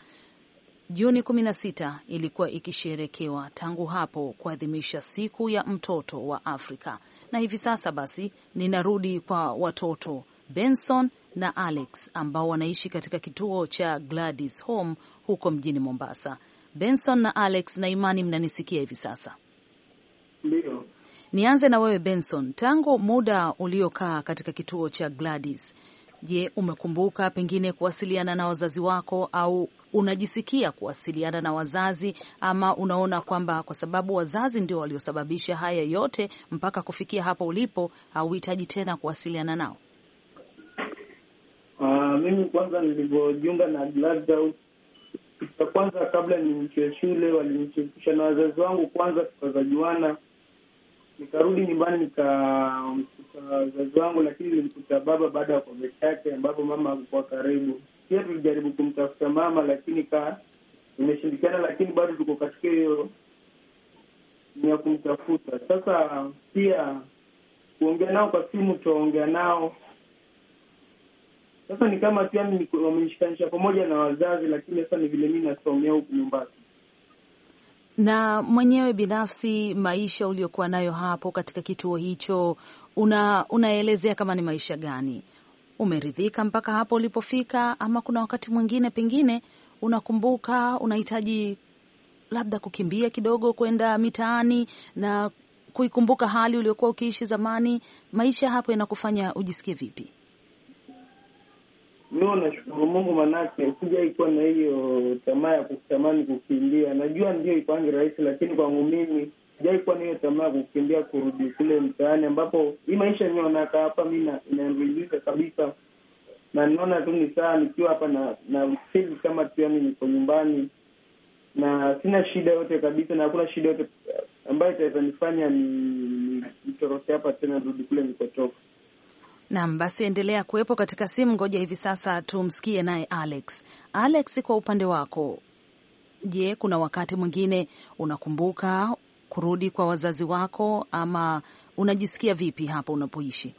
Juni 16 ilikuwa ikisherekewa tangu hapo kuadhimisha siku ya mtoto wa Afrika, na hivi sasa basi ninarudi kwa watoto Benson na Alex ambao wanaishi katika kituo cha Gladys Home huko mjini Mombasa. Benson na Alex, na imani mnanisikia hivi sasa? Ndio. Nianze na wewe Benson, tangu muda uliokaa katika kituo cha Gladys, Je, umekumbuka pengine kuwasiliana na wazazi wako au unajisikia kuwasiliana na wazazi ama unaona kwamba kwa sababu wazazi ndio waliosababisha haya yote mpaka kufikia hapo ulipo, hauhitaji tena kuwasiliana nao? Uh, mimi kwanza nilivyojiunga na kwanza kabla niingie shule, walinishirikisha na wazazi wangu kwanza, tukazajuana nikarudi nyumbani nikamkuta wazazi wangu, lakini nilimkuta baba baada ya kuonge chake, ambapo mama hakukuwa karibu. Pia tulijaribu kumtafuta mama, lakini ka imeshindikana, lakini bado tuko katika hiyo ni ya kumtafuta. Sasa pia kuongea nao kwa simu, tutaongea nao sasa. Ni kama pia wamenishikanisha pamoja na wazazi, lakini sasa ni vile mi nasomea huku nyumbani na mwenyewe binafsi, maisha uliokuwa nayo hapo katika kituo hicho, una unaelezea kama ni maisha gani? Umeridhika mpaka hapo ulipofika, ama kuna wakati mwingine pengine unakumbuka unahitaji labda kukimbia kidogo kwenda mitaani na kuikumbuka hali uliokuwa ukiishi zamani? Maisha hapo yanakufanya ujisikie vipi? Mimi nashukuru Mungu, manake sijaikuwa na hiyo tamaa ya kutamani kukimbia. Najua ndio ikwangi rahisi, lakini kwangu mimi sijaikuwa kuwa na hiyo tamaa ya kukimbia kurudi kule mtaani, ambapo hii maisha inaonaka hapa mi inaniuliza kabisa, na naona tu ni saa nikiwa hapa na na feel kama tu yani niko nyumbani na sina shida yote kabisa, na hakuna shida yote ambayo itaweza nifanya ni nitoroke hapa tena nirudi kule nikotoka. Naam, basi endelea kuwepo katika simu. Ngoja hivi sasa tumsikie naye Alex. Alex, kwa upande wako, je, kuna wakati mwingine unakumbuka kurudi kwa wazazi wako ama unajisikia vipi hapa unapoishi?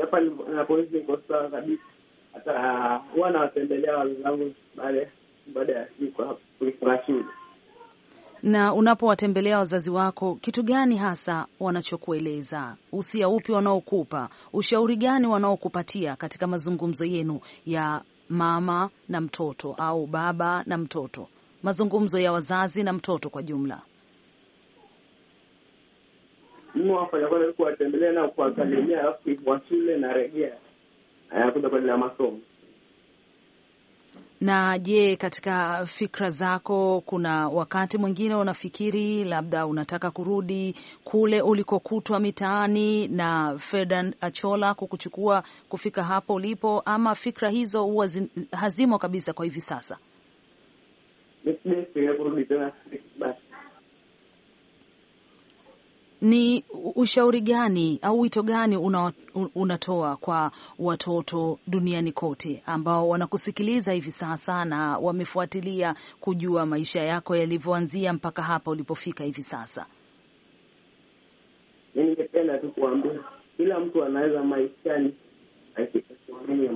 Hapa napoishi niko sawa kabisa, hata huwa nawatembelea wazazi wangu baada ya siku kulifunga shule. Na unapowatembelea wazazi wako, kitu gani hasa wanachokueleza? Usia upi wanaokupa? Ushauri gani wanaokupatia katika mazungumzo yenu ya mama na mtoto au baba na mtoto, mazungumzo ya wazazi na mtoto kwa jumla? Kuwatembelea na kuangalia, alafu wa shule rejea, anakuja kwa ajili ya masomo. Na je, katika fikra zako kuna wakati mwingine unafikiri labda unataka kurudi kule ulikokutwa mitaani na Ferdinand Achola kukuchukua kufika hapo ulipo, ama fikra hizo huwa hazimo kabisa kwa hivi sasa? kurudi tena basi ni ushauri gani au wito gani una, unatoa kwa watoto duniani kote ambao wanakusikiliza hivi sasa na wamefuatilia kujua maisha yako yalivyoanzia mpaka hapa ulipofika hivi sasa? Ningependa tu kuambia kila mtu anaweza maishani akitegemea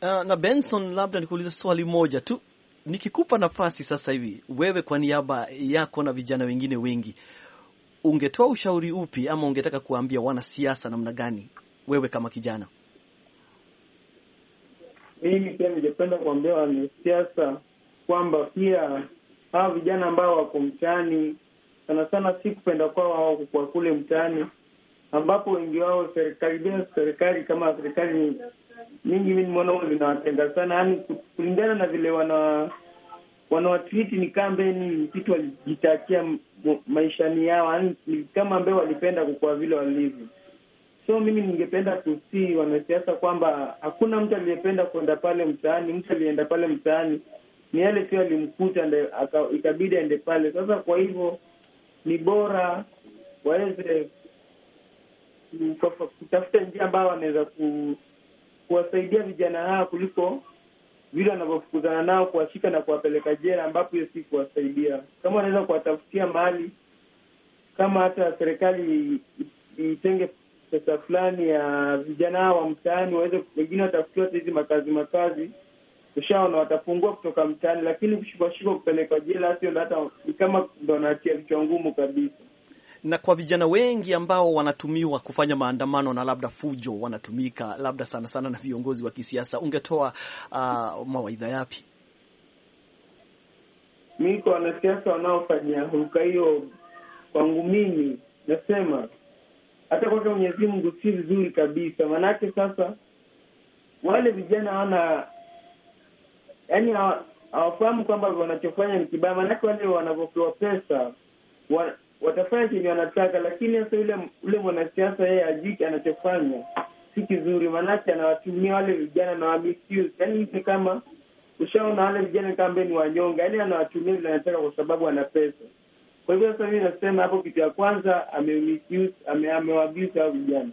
ah, na Benson, labda nikuuliza swali moja tu nikikupa nafasi sasa hivi wewe kwa niaba yako na vijana wengine wengi, ungetoa ushauri upi ama ungetaka kuambia wanasiasa namna gani, wewe kama kijana? Mimi pia ningependa kuambia wanasiasa kwamba pia hawa vijana ambao wako mtaani sana sana, si kupenda kwao hawakukua kule mtaani, ambapo wengi wao serikali bila serikali kama serikali mingi mi nimeona huwa vinawatenga sana, yaani kulingana na vile wana wanawatriti ni ni kitu walijitakia maishani yao, yaani ni kama ambayo walipenda kukua vile walivyo. So mimi ningependa kusii wanasiasa kwamba hakuna mtu aliyependa kwenda pale mtaani. Mtu aliyeenda pale mtaani ni yale tu alimkuta, ikabidi aende pale. Sasa kwa hivyo ni bora waweze kutafuta njia ambayo wanaweza ku kuwasaidia vijana hawa kuliko vile wanavyofukuzana nao kuwashika na kuwapeleka jela, ambapo hiyo si kuwasaidia. Kama wanaweza kuwatafutia mahali, kama hata serikali itenge pesa fulani ya vijana hawa wa mtaani, waweze wengine watafutiwa hata hizi makazi makazi, ushaona watafungua kutoka mtaani, lakini kushikashikwa kupelekwa jela, sio ndo hata kama ndo wanatia vichwa ngumu kabisa na kwa vijana wengi ambao wanatumiwa kufanya maandamano na labda fujo, wanatumika labda sana sana na viongozi wa kisiasa, ungetoa uh, mawaidha yapi? Mi kwa wanasiasa wanaofanya huruka hiyo, kwangu mimi nasema hata kwake Mwenyezi Mungu si vizuri kabisa, maanake sasa wale vijana hawana yani hawafahamu kwamba wanachofanya ni kibaya, maanake wale wanavyopewa pesa wa, watafanya chenye wanataka, lakini hasa yule ule mwanasiasa yeye ajiki anachofanya si kizuri, maanake anawatumia wale vijana na wamisuse, yani ni kama ushaona wale vijana kama ni wanyonga, yani anawatumia vile anataka kwa sababu ana pesa. Kwa hivyo sasa mii nasema hapo, kitu ya kwanza amemisuse, amewabuse hao vijana.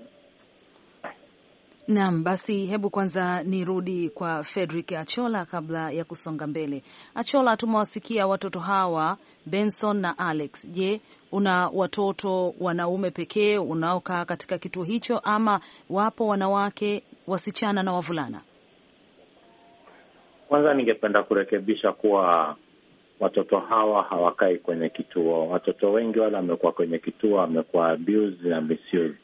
Naam, basi hebu kwanza nirudi kwa Fredrick Achola kabla ya kusonga mbele. Achola, tumewasikia watoto hawa Benson na Alex. Je, una watoto wanaume pekee unaokaa katika kituo hicho, ama wapo wanawake, wasichana na wavulana? Kwanza ningependa kurekebisha kuwa watoto hawa hawakai kwenye kituo. Watoto wengi wale wamekuwa kwenye kituo wamekuwa abused na misused.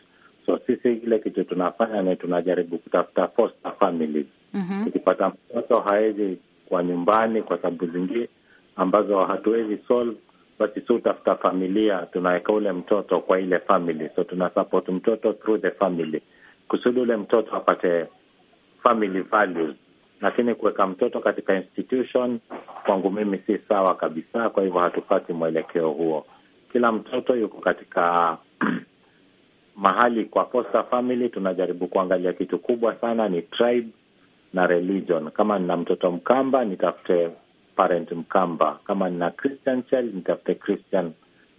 So sisi kile kitu tunafanya ni tunajaribu kutafuta foster families. mm -hmm. mtoto hawezi kwa nyumbani kwa sababu zingine ambazo hatuwezi solve basi si utafuta familia, tunaweka ule mtoto kwa ile family, so tunasupport mtoto through the family kusudi ule mtoto apate family values. Lakini kuweka mtoto katika institution kwangu mimi si sawa kabisa. Kwa hivyo hatupati mwelekeo huo. Kila mtoto yuko katika [clears throat] mahali kwa foster family. Tunajaribu kuangalia kitu kubwa sana ni tribe na religion. Kama nina mtoto Mkamba, nitafute parent Mkamba. Kama nina Christian child nitafute Christian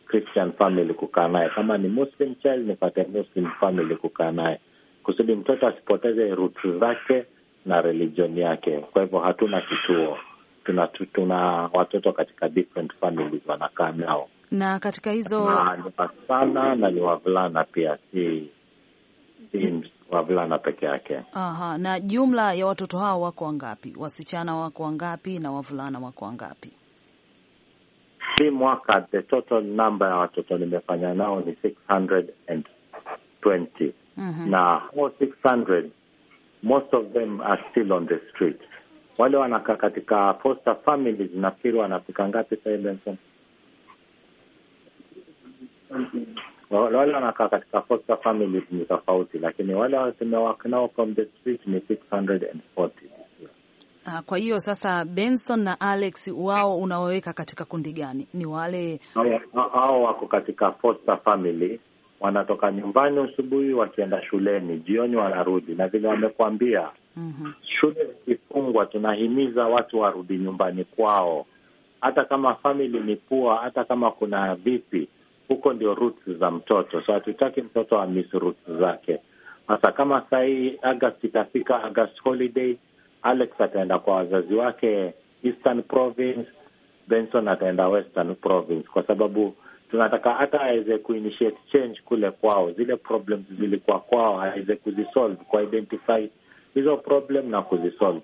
Christian family kukaa naye, kama ni Muslim child nipate Muslim family kukaa naye, kusudi mtoto asipoteze rutu zake na religion yake. Kwa hivyo hatuna kituo, tuna tuna watoto katika different families wanakaa nao, na katika hizo ni wasichana na ni wavulana pia, si wavulana peke yake. Aha, na jumla ya watoto hao wako wangapi? Wasichana wako wangapi na wavulana wako wangapi? Hii mwaka the total number ya watoto nimefanya nao ni 620. Mm -hmm. Na all 600 most of them are still on the street. Wale wanakaa katika foster families nafikiri wanafika ngapi? wale wanakaa katika foster families ni tofauti, lakini wale tumework from the street ni 640. Ah, kwa hiyo sasa, Benson na Alex wao unawaweka katika kundi gani? Ni wale hao wako katika foster family, wanatoka nyumbani asubuhi, wakienda shuleni, jioni wanarudi, na vile wamekuambia mm -hmm. shule zikifungwa, tunahimiza watu warudi nyumbani kwao, hata kama family ni poor, hata kama kuna vipi huko ndio roots za mtoto, so hatutaki mtoto amiss roots zake. Sasa kama sahii August itafika, August holiday, Alex ataenda kwa wazazi wake Eastern Province, Benson ataenda Western Province, kwa sababu tunataka hata aweze kuinitiate change kule kwao. Zile problems zilikuwa kwao aweze kuzisolve, kuidentify hizo problem na kuzisolve,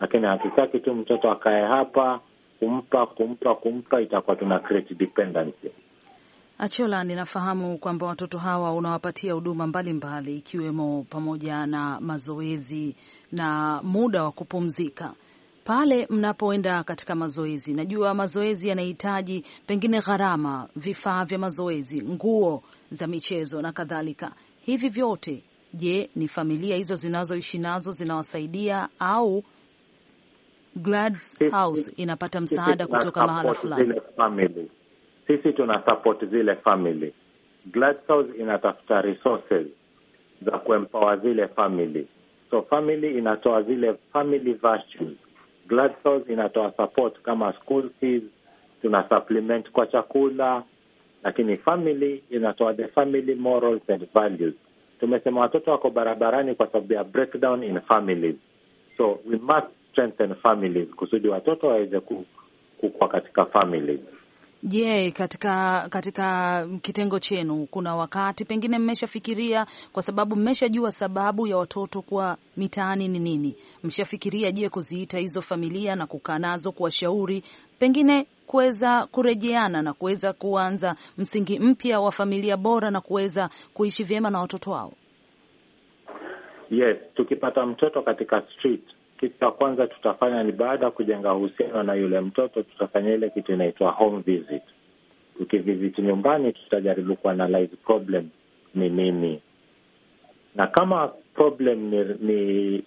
lakini hatutaki tu mtoto akae hapa kumpa kumpa kumpa, itakuwa tuna create dependency. Achola, ninafahamu kwamba watoto hawa unawapatia huduma mbalimbali ikiwemo pamoja na mazoezi na muda wa kupumzika pale mnapoenda katika mazoezi. Najua mazoezi yanahitaji pengine gharama, vifaa vya mazoezi, nguo za michezo na kadhalika. Hivi vyote, je, ni familia hizo zinazoishi nazo zinawasaidia au Glad's House inapata msaada kutoka mahala fulani? sisi tuna support zile family. Gladhouse inatafuta resources za kuempower zile family, so family inatoa zile family virtues. Gladhouse inatoa support kama school fees, tuna supplement kwa chakula, lakini family inatoa the family morals and values. Tumesema watoto wako barabarani kwa sababu ya breakdown in families, so we must strengthen families kusudi watoto waweze kukua katika families. Je, yeah, katika katika kitengo chenu kuna wakati pengine mmeshafikiria, kwa sababu mmeshajua sababu ya watoto kuwa mitaani ni nini, mshafikiria je, kuziita hizo familia na kukaa nazo, kuwashauri pengine kuweza kurejeana na kuweza kuanza msingi mpya wa familia bora na kuweza kuishi vyema na watoto wao? Yes, tukipata mtoto katika street kitu cha kwanza tutafanya ni baada ya kujenga uhusiano na yule mtoto, tutafanya ile kitu inaitwa home visit. Tukivisit nyumbani, tutajaribu kuanalyze problem ni nini, na kama problem ni, ni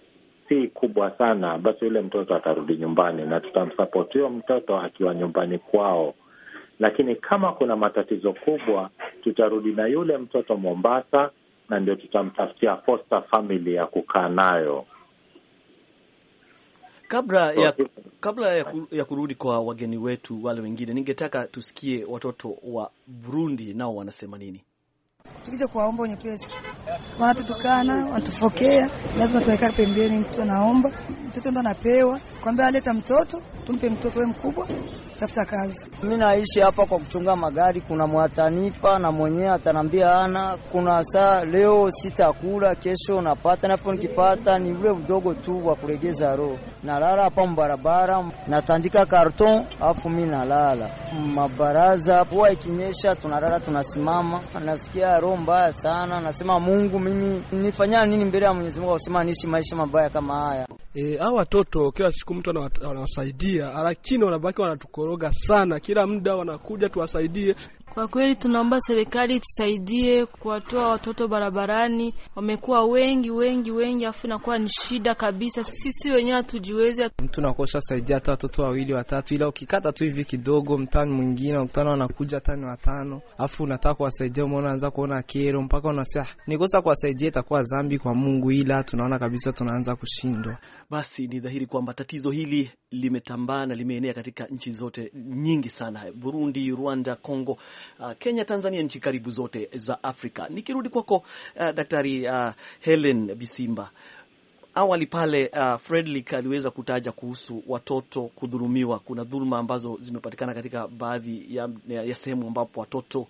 si kubwa sana, basi yule mtoto atarudi nyumbani na tutamsapoti huyo mtoto akiwa nyumbani kwao. Lakini kama kuna matatizo kubwa, tutarudi na yule mtoto Mombasa, na ndio tutamtafutia foster family ya kukaa nayo. Kabla ya, kabla ya, ku, ya kurudi kwa wageni wetu wale wengine, ningetaka tusikie watoto wa Burundi nao wanasema nini. Tukija kuwaomba wenye pesa wanatutukana, wanatufokea, lazima tuweka pembeni. Mtu anaomba mtoto ndo anapewa, kwambia aleta mtoto tumpe mtoto, we mkubwa kutafuta kazi. Mimi naishi hapa kwa kuchunga magari, kuna mwatanipa na mwenyewe atanambia ana, kuna saa leo sitakula, kesho napata, napo nikipata ni ule udogo tu wa kuregeza roho. Nalala hapa mbarabara, natandika karton, afu mimi nalala mabaraza. Pua ikinyesha tunalala, tunasimama. Nasikia roho mbaya sana, nasema Mungu, mimi nifanya nini mbele ya Mwenyezi Mungu akusema niishi maisha mabaya kama haya? Eh, hawa watoto kila siku mtu anawasaidia, lakini wanabaki wanatukoro wanaroga sana, kila muda wanakuja tuwasaidie. Kwa kweli tunaomba serikali tusaidie kuwatoa watoto barabarani, wamekuwa wengi wengi wengi, afu inakuwa ni shida kabisa. Sisi wenyewe hatujiwezi, mtu nakosha saidia hata watoto wawili watatu, ila ukikata tu hivi kidogo, mtani mwingine ukutana wanakuja tani watano, afu unataka kuwasaidia, umeona anza kuona kero, mpaka unasema ah, nikosa kuwasaidia itakuwa zambi kwa Mungu, ila tunaona kabisa tunaanza kushindwa. Basi ni dhahiri kwamba tatizo hili limetambaa na limeenea katika nchi zote nyingi sana, Burundi, Rwanda, Kongo, uh, Kenya, Tanzania, nchi karibu zote za Afrika. Nikirudi kwako uh, Daktari uh, Helen Bisimba, awali pale uh, Fredrick aliweza kutaja kuhusu watoto kudhulumiwa. Kuna dhuluma ambazo zimepatikana katika baadhi ya, ya sehemu ambapo watoto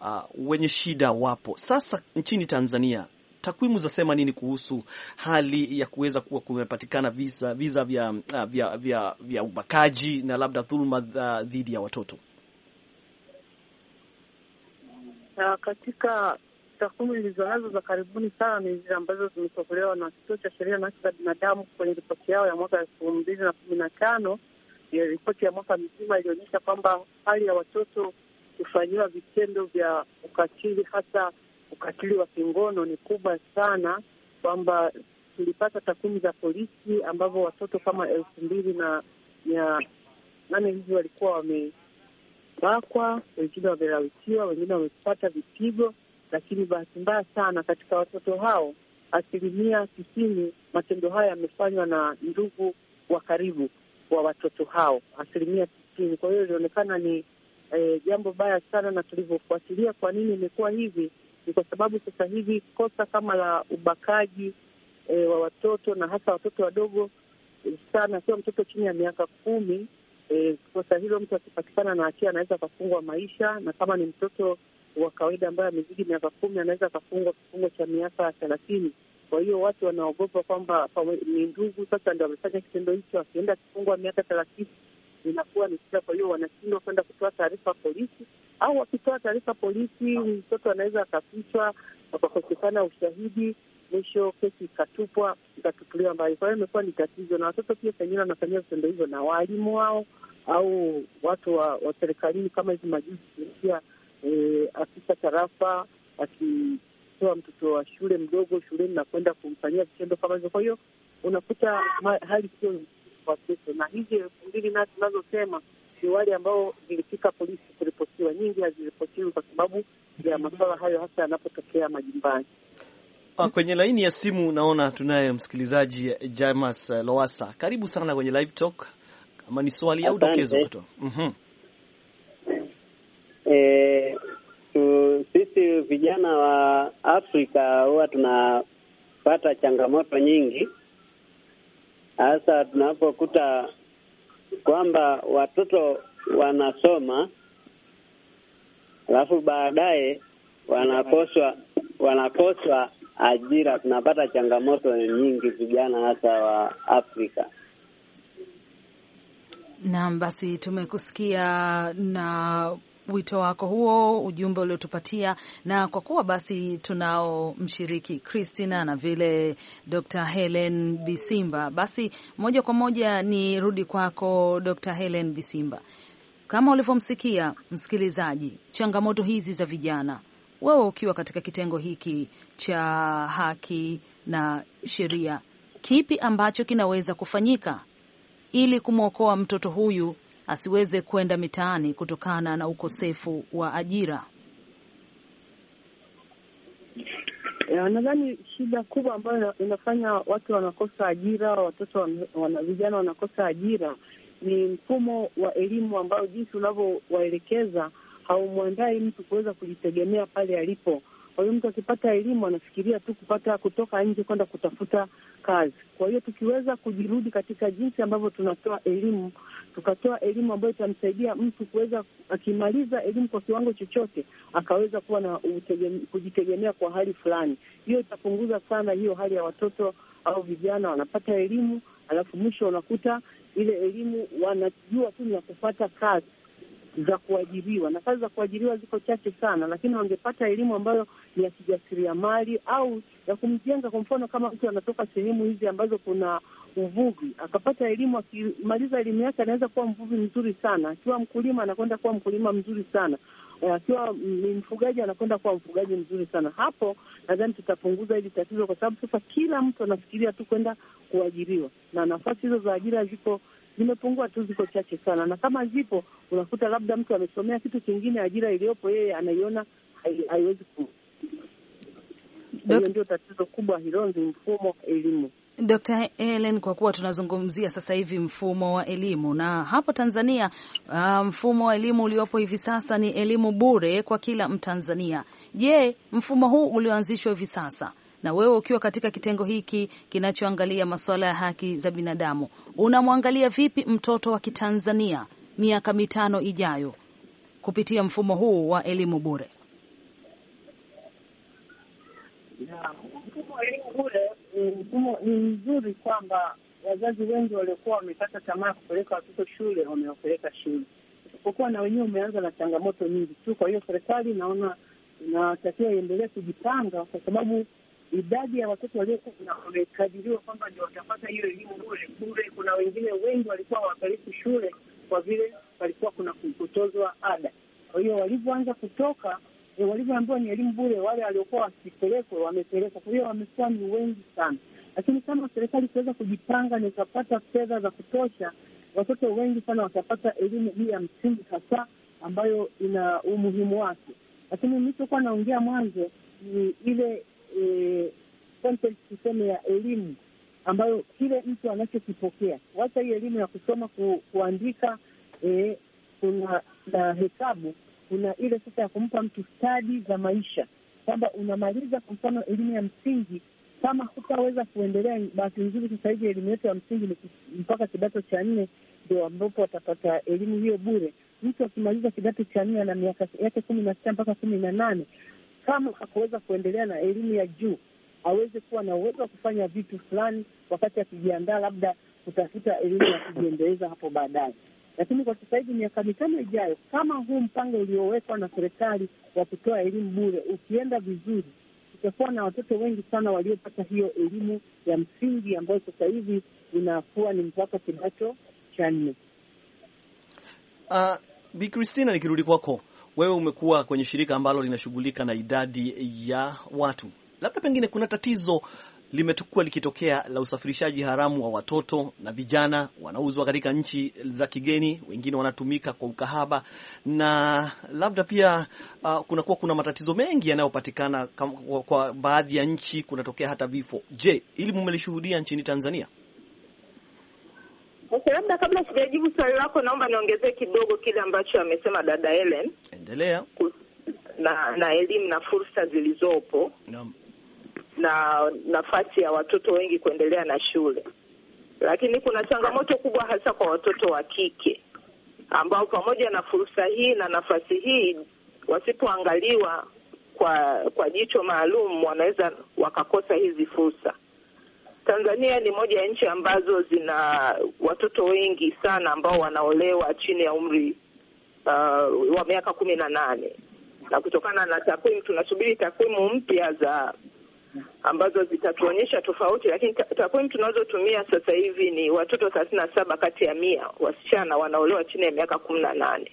uh, wenye shida wapo. Sasa nchini Tanzania takwimu zasema nini kuhusu hali ya kuweza kuwa kumepatikana visa, visa vya, ah, vya, vya, vya ubakaji na labda dhuluma ah, dhidi ya watoto? Uh, katika takwimu zilizonazo za karibuni sana ni zile ambazo zimetokolewa na Kituo cha Sheria na Haki za Binadamu kwenye ripoti yao ya mwaka elfu mbili na kumi na tano. Ripoti ya mwaka mzima ilionyesha kwamba hali ya watoto kufanyiwa vitendo vya ukatili hasa ukatili wa kingono ni kubwa sana, kwamba tulipata takwimu za polisi ambavyo watoto kama elfu mbili na mia nane hivi walikuwa wamebakwa, wengine wamelawitiwa, wengine wamepata vipigo, lakini bahati mbaya sana katika watoto hao asilimia tisini matendo haya yamefanywa na ndugu wa karibu wa watoto hao, asilimia tisini. Kwa hiyo ilionekana ni eh, jambo baya sana, na tulivyofuatilia kwa nini imekuwa hivi, ni kwa sababu sasa hivi kosa kama la ubakaji e, wa watoto na hasa watoto wadogo e, sana, akiwa mtoto chini ya miaka kumi, e, kosa hilo mtu akipatikana na hatia anaweza akafungwa maisha, na kama ni mtoto wa kawaida ambaye amezidi miaka kumi anaweza akafungwa kifungo cha miaka thelathini. Kwa hiyo watu wanaogopa kwamba ni ndugu sasa ndio wamefanya kitendo hicho, akienda kifungwa miaka thelathini inakuwa ni shida. Kwa hiyo wanashindwa kwenda kutoa taarifa polisi au wakitoa taarifa polisi, mtoto anaweza akafichwa wakakosekana ushahidi, mwisho kesi ikatupwa ikatupuliwa mbali. Kwa hiyo imekuwa ni tatizo, na watoto pia saa wanafanyia vitendo hivyo na waalimu wao au watu wa, wa serikalini. Kama hivi majuzi tulisikia e, eh, afisa tarafa akitoa mtoto wa shule mdogo shuleni na kwenda kumfanyia vitendo kama hivyo. Kwa hiyo unakuta hali sio kwa kesho, na hizi elfu mbili na tunazosema si wale ambao zilifika polisi kuripotiwa, nyingi haziripotiwi kwa sababu ya masuala hayo, hasa yanapotokea majumbani. Ah, kwenye laini ya simu naona tunaye msikilizaji eh, Jamas eh, Lowasa, karibu sana kwenye live talk. Kama ni swali au dokezo mm-hmm. E, tu, sisi vijana wa Afrika huwa tunapata changamoto nyingi, hasa tunapokuta kwamba watoto wanasoma alafu baadaye wanakoswa wanakoswa ajira. Tunapata changamoto nyingi vijana hasa wa Afrika. Naam, basi tumekusikia na wito wako huo, ujumbe uliotupatia, na kwa kuwa basi tunao mshiriki Christina na vile Dr. Helen Bisimba, basi moja kwa moja ni rudi kwako Dr. Helen Bisimba. Kama ulivyomsikia msikilizaji, changamoto hizi za vijana, wewe ukiwa katika kitengo hiki cha haki na sheria, kipi ambacho kinaweza kufanyika ili kumwokoa mtoto huyu asiweze kwenda mitaani kutokana na ukosefu wa ajira? Eh, nadhani shida kubwa ambayo inafanya watu wanakosa ajira, watoto wana, vijana wanakosa ajira ni mfumo wa elimu ambao jinsi unavyowaelekeza haumwandai mtu kuweza kujitegemea pale alipo. Kwa hiyo mtu akipata elimu anafikiria tu kupata kutoka nje kwenda kutafuta kazi. Kwa hiyo tukiweza kujirudi katika jinsi ambavyo tunatoa elimu, tukatoa elimu ambayo itamsaidia mtu kuweza, akimaliza elimu kwa kiwango chochote, akaweza kuwa na kujitegemea kwa hali fulani, hiyo itapunguza sana hiyo hali ya watoto au vijana wanapata elimu alafu mwisho unakuta ile elimu wanajua tu ni ya kupata kazi za kuajiriwa, nafasi za kuajiriwa ziko chache sana, lakini wangepata elimu ambayo ni ya kijasiriamali au ya kumjenga. Kwa mfano, kama mtu anatoka sehemu hizi ambazo kuna uvuvi akapata elimu, akimaliza elimu yake anaweza kuwa mvuvi mzuri sana, akiwa mkulima anakwenda kuwa mkulima mzuri sana, eh, akiwa ni mfugaji anakwenda kuwa mfugaji mzuri sana. Hapo nadhani tutapunguza hili tatizo, kwa sababu sasa kila mtu anafikiria tu kwenda kuajiriwa, na nafasi hizo za ajira ziko zimepungua tu, ziko chache sana, na kama zipo unakuta labda mtu amesomea kitu kingine, ajira iliyopo yeye anaiona haiwezi ku. ndio tatizo kubwa hilo, ni mfumo elimu. Dr. Helen, kwa kuwa tunazungumzia sasa hivi mfumo wa elimu na hapo Tanzania, uh, mfumo wa elimu uliopo hivi sasa ni elimu bure kwa kila Mtanzania. Je, mfumo huu ulioanzishwa hivi sasa na wewe ukiwa katika kitengo hiki kinachoangalia masuala ya haki za binadamu, unamwangalia vipi mtoto wa Kitanzania miaka mitano ijayo kupitia mfumo huu wa elimu bure? Mfumo wa elimu bure ni mzuri, kwamba wazazi wengi waliokuwa wamekata tamaa kupeleka watoto shule wamewapeleka shule, isipokuwa na wenyewe umeanza na changamoto nyingi tu. Kwa hiyo serikali naona inatakiwa iendelee kujipanga, kwa sababu idadi ya watoto waliokuwa wamekadiriwa kwamba ndio watapata hiyo elimu bure bure. Kuna wengine wengi walikuwa hawapeleki shule kwa vile walikuwa kuna kutozwa ada. Kwa hiyo walivyoanza kutoka, eh, walivyoambiwa ni elimu bure, wale waliokuwa wasipelekwe wamepelekwa. Kwa hiyo wamekuwa ni wengi sana, lakini kama serikali ikiweza kujipanga na ikapata fedha za kutosha, watoto wengi sana watapata elimu hii ya msingi hasa ambayo ina umuhimu wake. Lakini nilichokuwa naongea mwanzo ni ile e, content tuseme ya elimu ambayo kile mtu anachokipokea, wacha hii elimu ya kusoma ku, kuandika e, kuna na hesabu, kuna ile sasa ya kumpa mtu stadi za maisha, kwamba unamaliza kwa mfano elimu ya msingi kama hutaweza kuendelea, bahati nzuri sasa hivi elimu yetu ya msingi ni mpaka kidato cha nne ndio ambapo watapata elimu hiyo bure. Mtu akimaliza kidato cha nne ana miaka yake kumi na sita mpaka kumi na nane kama hakuweza kuendelea na elimu ya juu aweze kuwa na uwezo wa kufanya vitu fulani wakati akijiandaa labda kutafuta elimu ya kujiendeleza hapo baadaye. Lakini kwa sasa hivi, miaka mitano ijayo, kama huu mpango uliowekwa na serikali wa kutoa elimu bure ukienda vizuri, tutakuwa na watoto wengi sana waliopata hiyo elimu ya msingi ambayo sasa hivi inakuwa ni mpaka kidato cha nne. Uh, Bi Kristina, nikirudi kwako wewe umekuwa kwenye shirika ambalo linashughulika na idadi ya watu, labda pengine kuna tatizo limekuwa likitokea la usafirishaji haramu wa watoto na vijana wanauzwa katika nchi za kigeni, wengine wanatumika kwa ukahaba, na labda pia uh, kunakuwa kuna matatizo mengi yanayopatikana kwa, kwa baadhi ya nchi, kunatokea hata vifo. Je, ili mumelishuhudia nchini Tanzania? Okay, labda kabla sijajibu swali lako, naomba niongezee kidogo kile ambacho amesema dada Helen. Endelea. na na elimu na fursa zilizopo Naam. na nafasi ya watoto wengi kuendelea na shule, lakini kuna changamoto kubwa hasa kwa watoto wa kike ambao pamoja na fursa hii na nafasi hii wasipoangaliwa kwa kwa jicho maalum wanaweza wakakosa hizi fursa. Tanzania ni moja ya nchi ambazo zina watoto wengi sana ambao wanaolewa chini ya umri uh, wa miaka kumi na nane na kutokana na takwimu, tunasubiri takwimu mpya za ambazo zitatuonyesha tofauti, lakini takwimu tunazotumia sasa hivi ni watoto thelathini na saba kati ya mia wasichana wanaolewa chini ya miaka kumi na nane.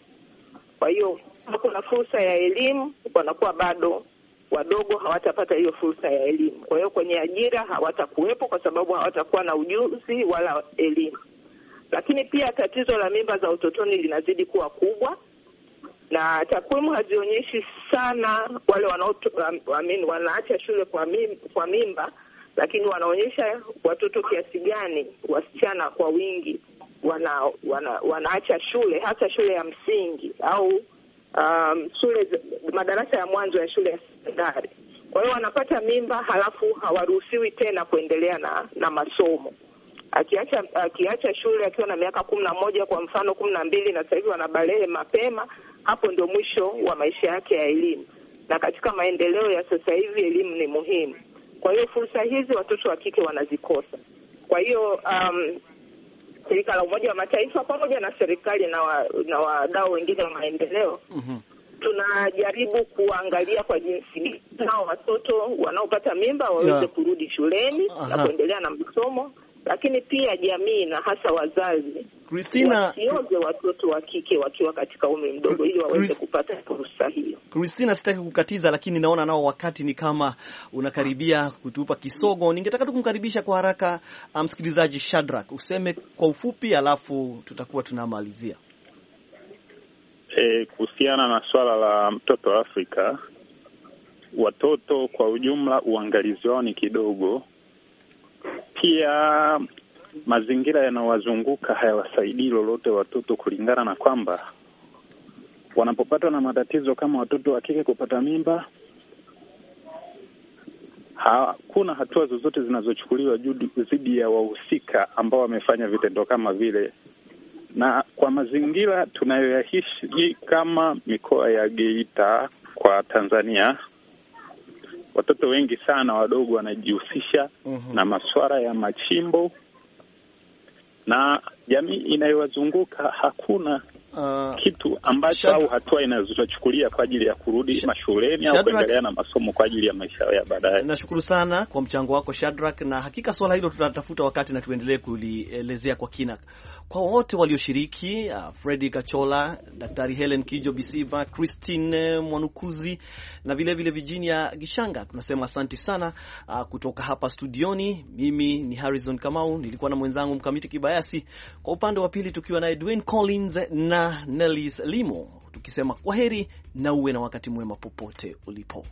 Kwa hiyo kuna fursa ya elimu, wanakuwa bado wadogo hawatapata hiyo fursa ya elimu. Kwa hiyo kwenye ajira hawatakuwepo kwa sababu hawatakuwa na ujuzi wala elimu. Lakini pia tatizo la mimba za utotoni linazidi kuwa kubwa, na takwimu hazionyeshi sana wale wanaoto, um, I wanaacha shule kwa mimba, kwa mimba, lakini wanaonyesha watoto kiasi gani wasichana kwa wingi wana, wana, wanaacha shule hasa shule ya msingi au um, shule madarasa ya mwanzo ya shule ya sekondari. Kwa hiyo wanapata mimba halafu hawaruhusiwi tena kuendelea na na masomo. Akiacha akiacha shule akiwa na miaka kumi na moja kwa mfano kumi na mbili na sasa hivi wanabalehe mapema, hapo ndio mwisho wa maisha yake ya elimu. Na katika maendeleo ya sasa hivi elimu ni muhimu, kwa hiyo fursa hizi watoto wa kike wanazikosa. Kwa hiyo um, shirika la Umoja wa Mataifa pamoja na serikali na wa, na wadau wengine wa maendeleo mm -hmm. Tunajaribu kuangalia kwa jinsi nao watoto wanaopata mimba waweze yeah. kurudi shuleni -huh. na kuendelea na masomo lakini pia jamii na hasa wazazi Christina, wasioze watoto wa kike wakiwa katika umri mdogo ili waweze kupata fursa hiyo. Christina, sitaki kukatiza, lakini naona nao wakati ni kama unakaribia kutupa kisogo. Ningetaka tu kumkaribisha kwa haraka um, msikilizaji Shadrack, useme kwa ufupi, alafu tutakuwa tunamalizia e, kuhusiana na swala la mtoto wa Afrika. Watoto kwa ujumla uangalizi wao ni kidogo pia mazingira yanawazunguka hayawasaidii lolote watoto, kulingana na kwamba wanapopatwa na matatizo kama watoto wa kike kupata mimba, hakuna hatua zozote zinazochukuliwa dhidi ya wahusika ambao wamefanya vitendo kama vile, na kwa mazingira tunayoyaishi kama mikoa ya Geita kwa Tanzania watoto wengi sana wadogo wanajihusisha mm na masuala ya machimbo na jamii inayowazunguka hakuna Uh, kitu ambacho au hatua inazochukulia kwa ajili ya kurudi Shad mashuleni au kuendelea na masomo kwa ajili ya maisha ya baadaye. Nashukuru sana kwa mchango wako Shadrack, na hakika swala hilo tutatafuta wakati na tuendelee kulielezea kwa kina. Kwa wote walioshiriki, uh, Freddy Kachola, Daktari Helen Kijo Bisiba, Christine Mwanukuzi na vile vile Virginia Gishanga, tunasema asante sana. Uh, kutoka hapa studioni, mimi ni Harrison Kamau, nilikuwa na mwenzangu Mkamiti Kibayasi, kwa upande wa pili tukiwa naye Dwayne Collins na na Nelis Limo tukisema kwa heri na uwe na wakati mwema popote ulipo.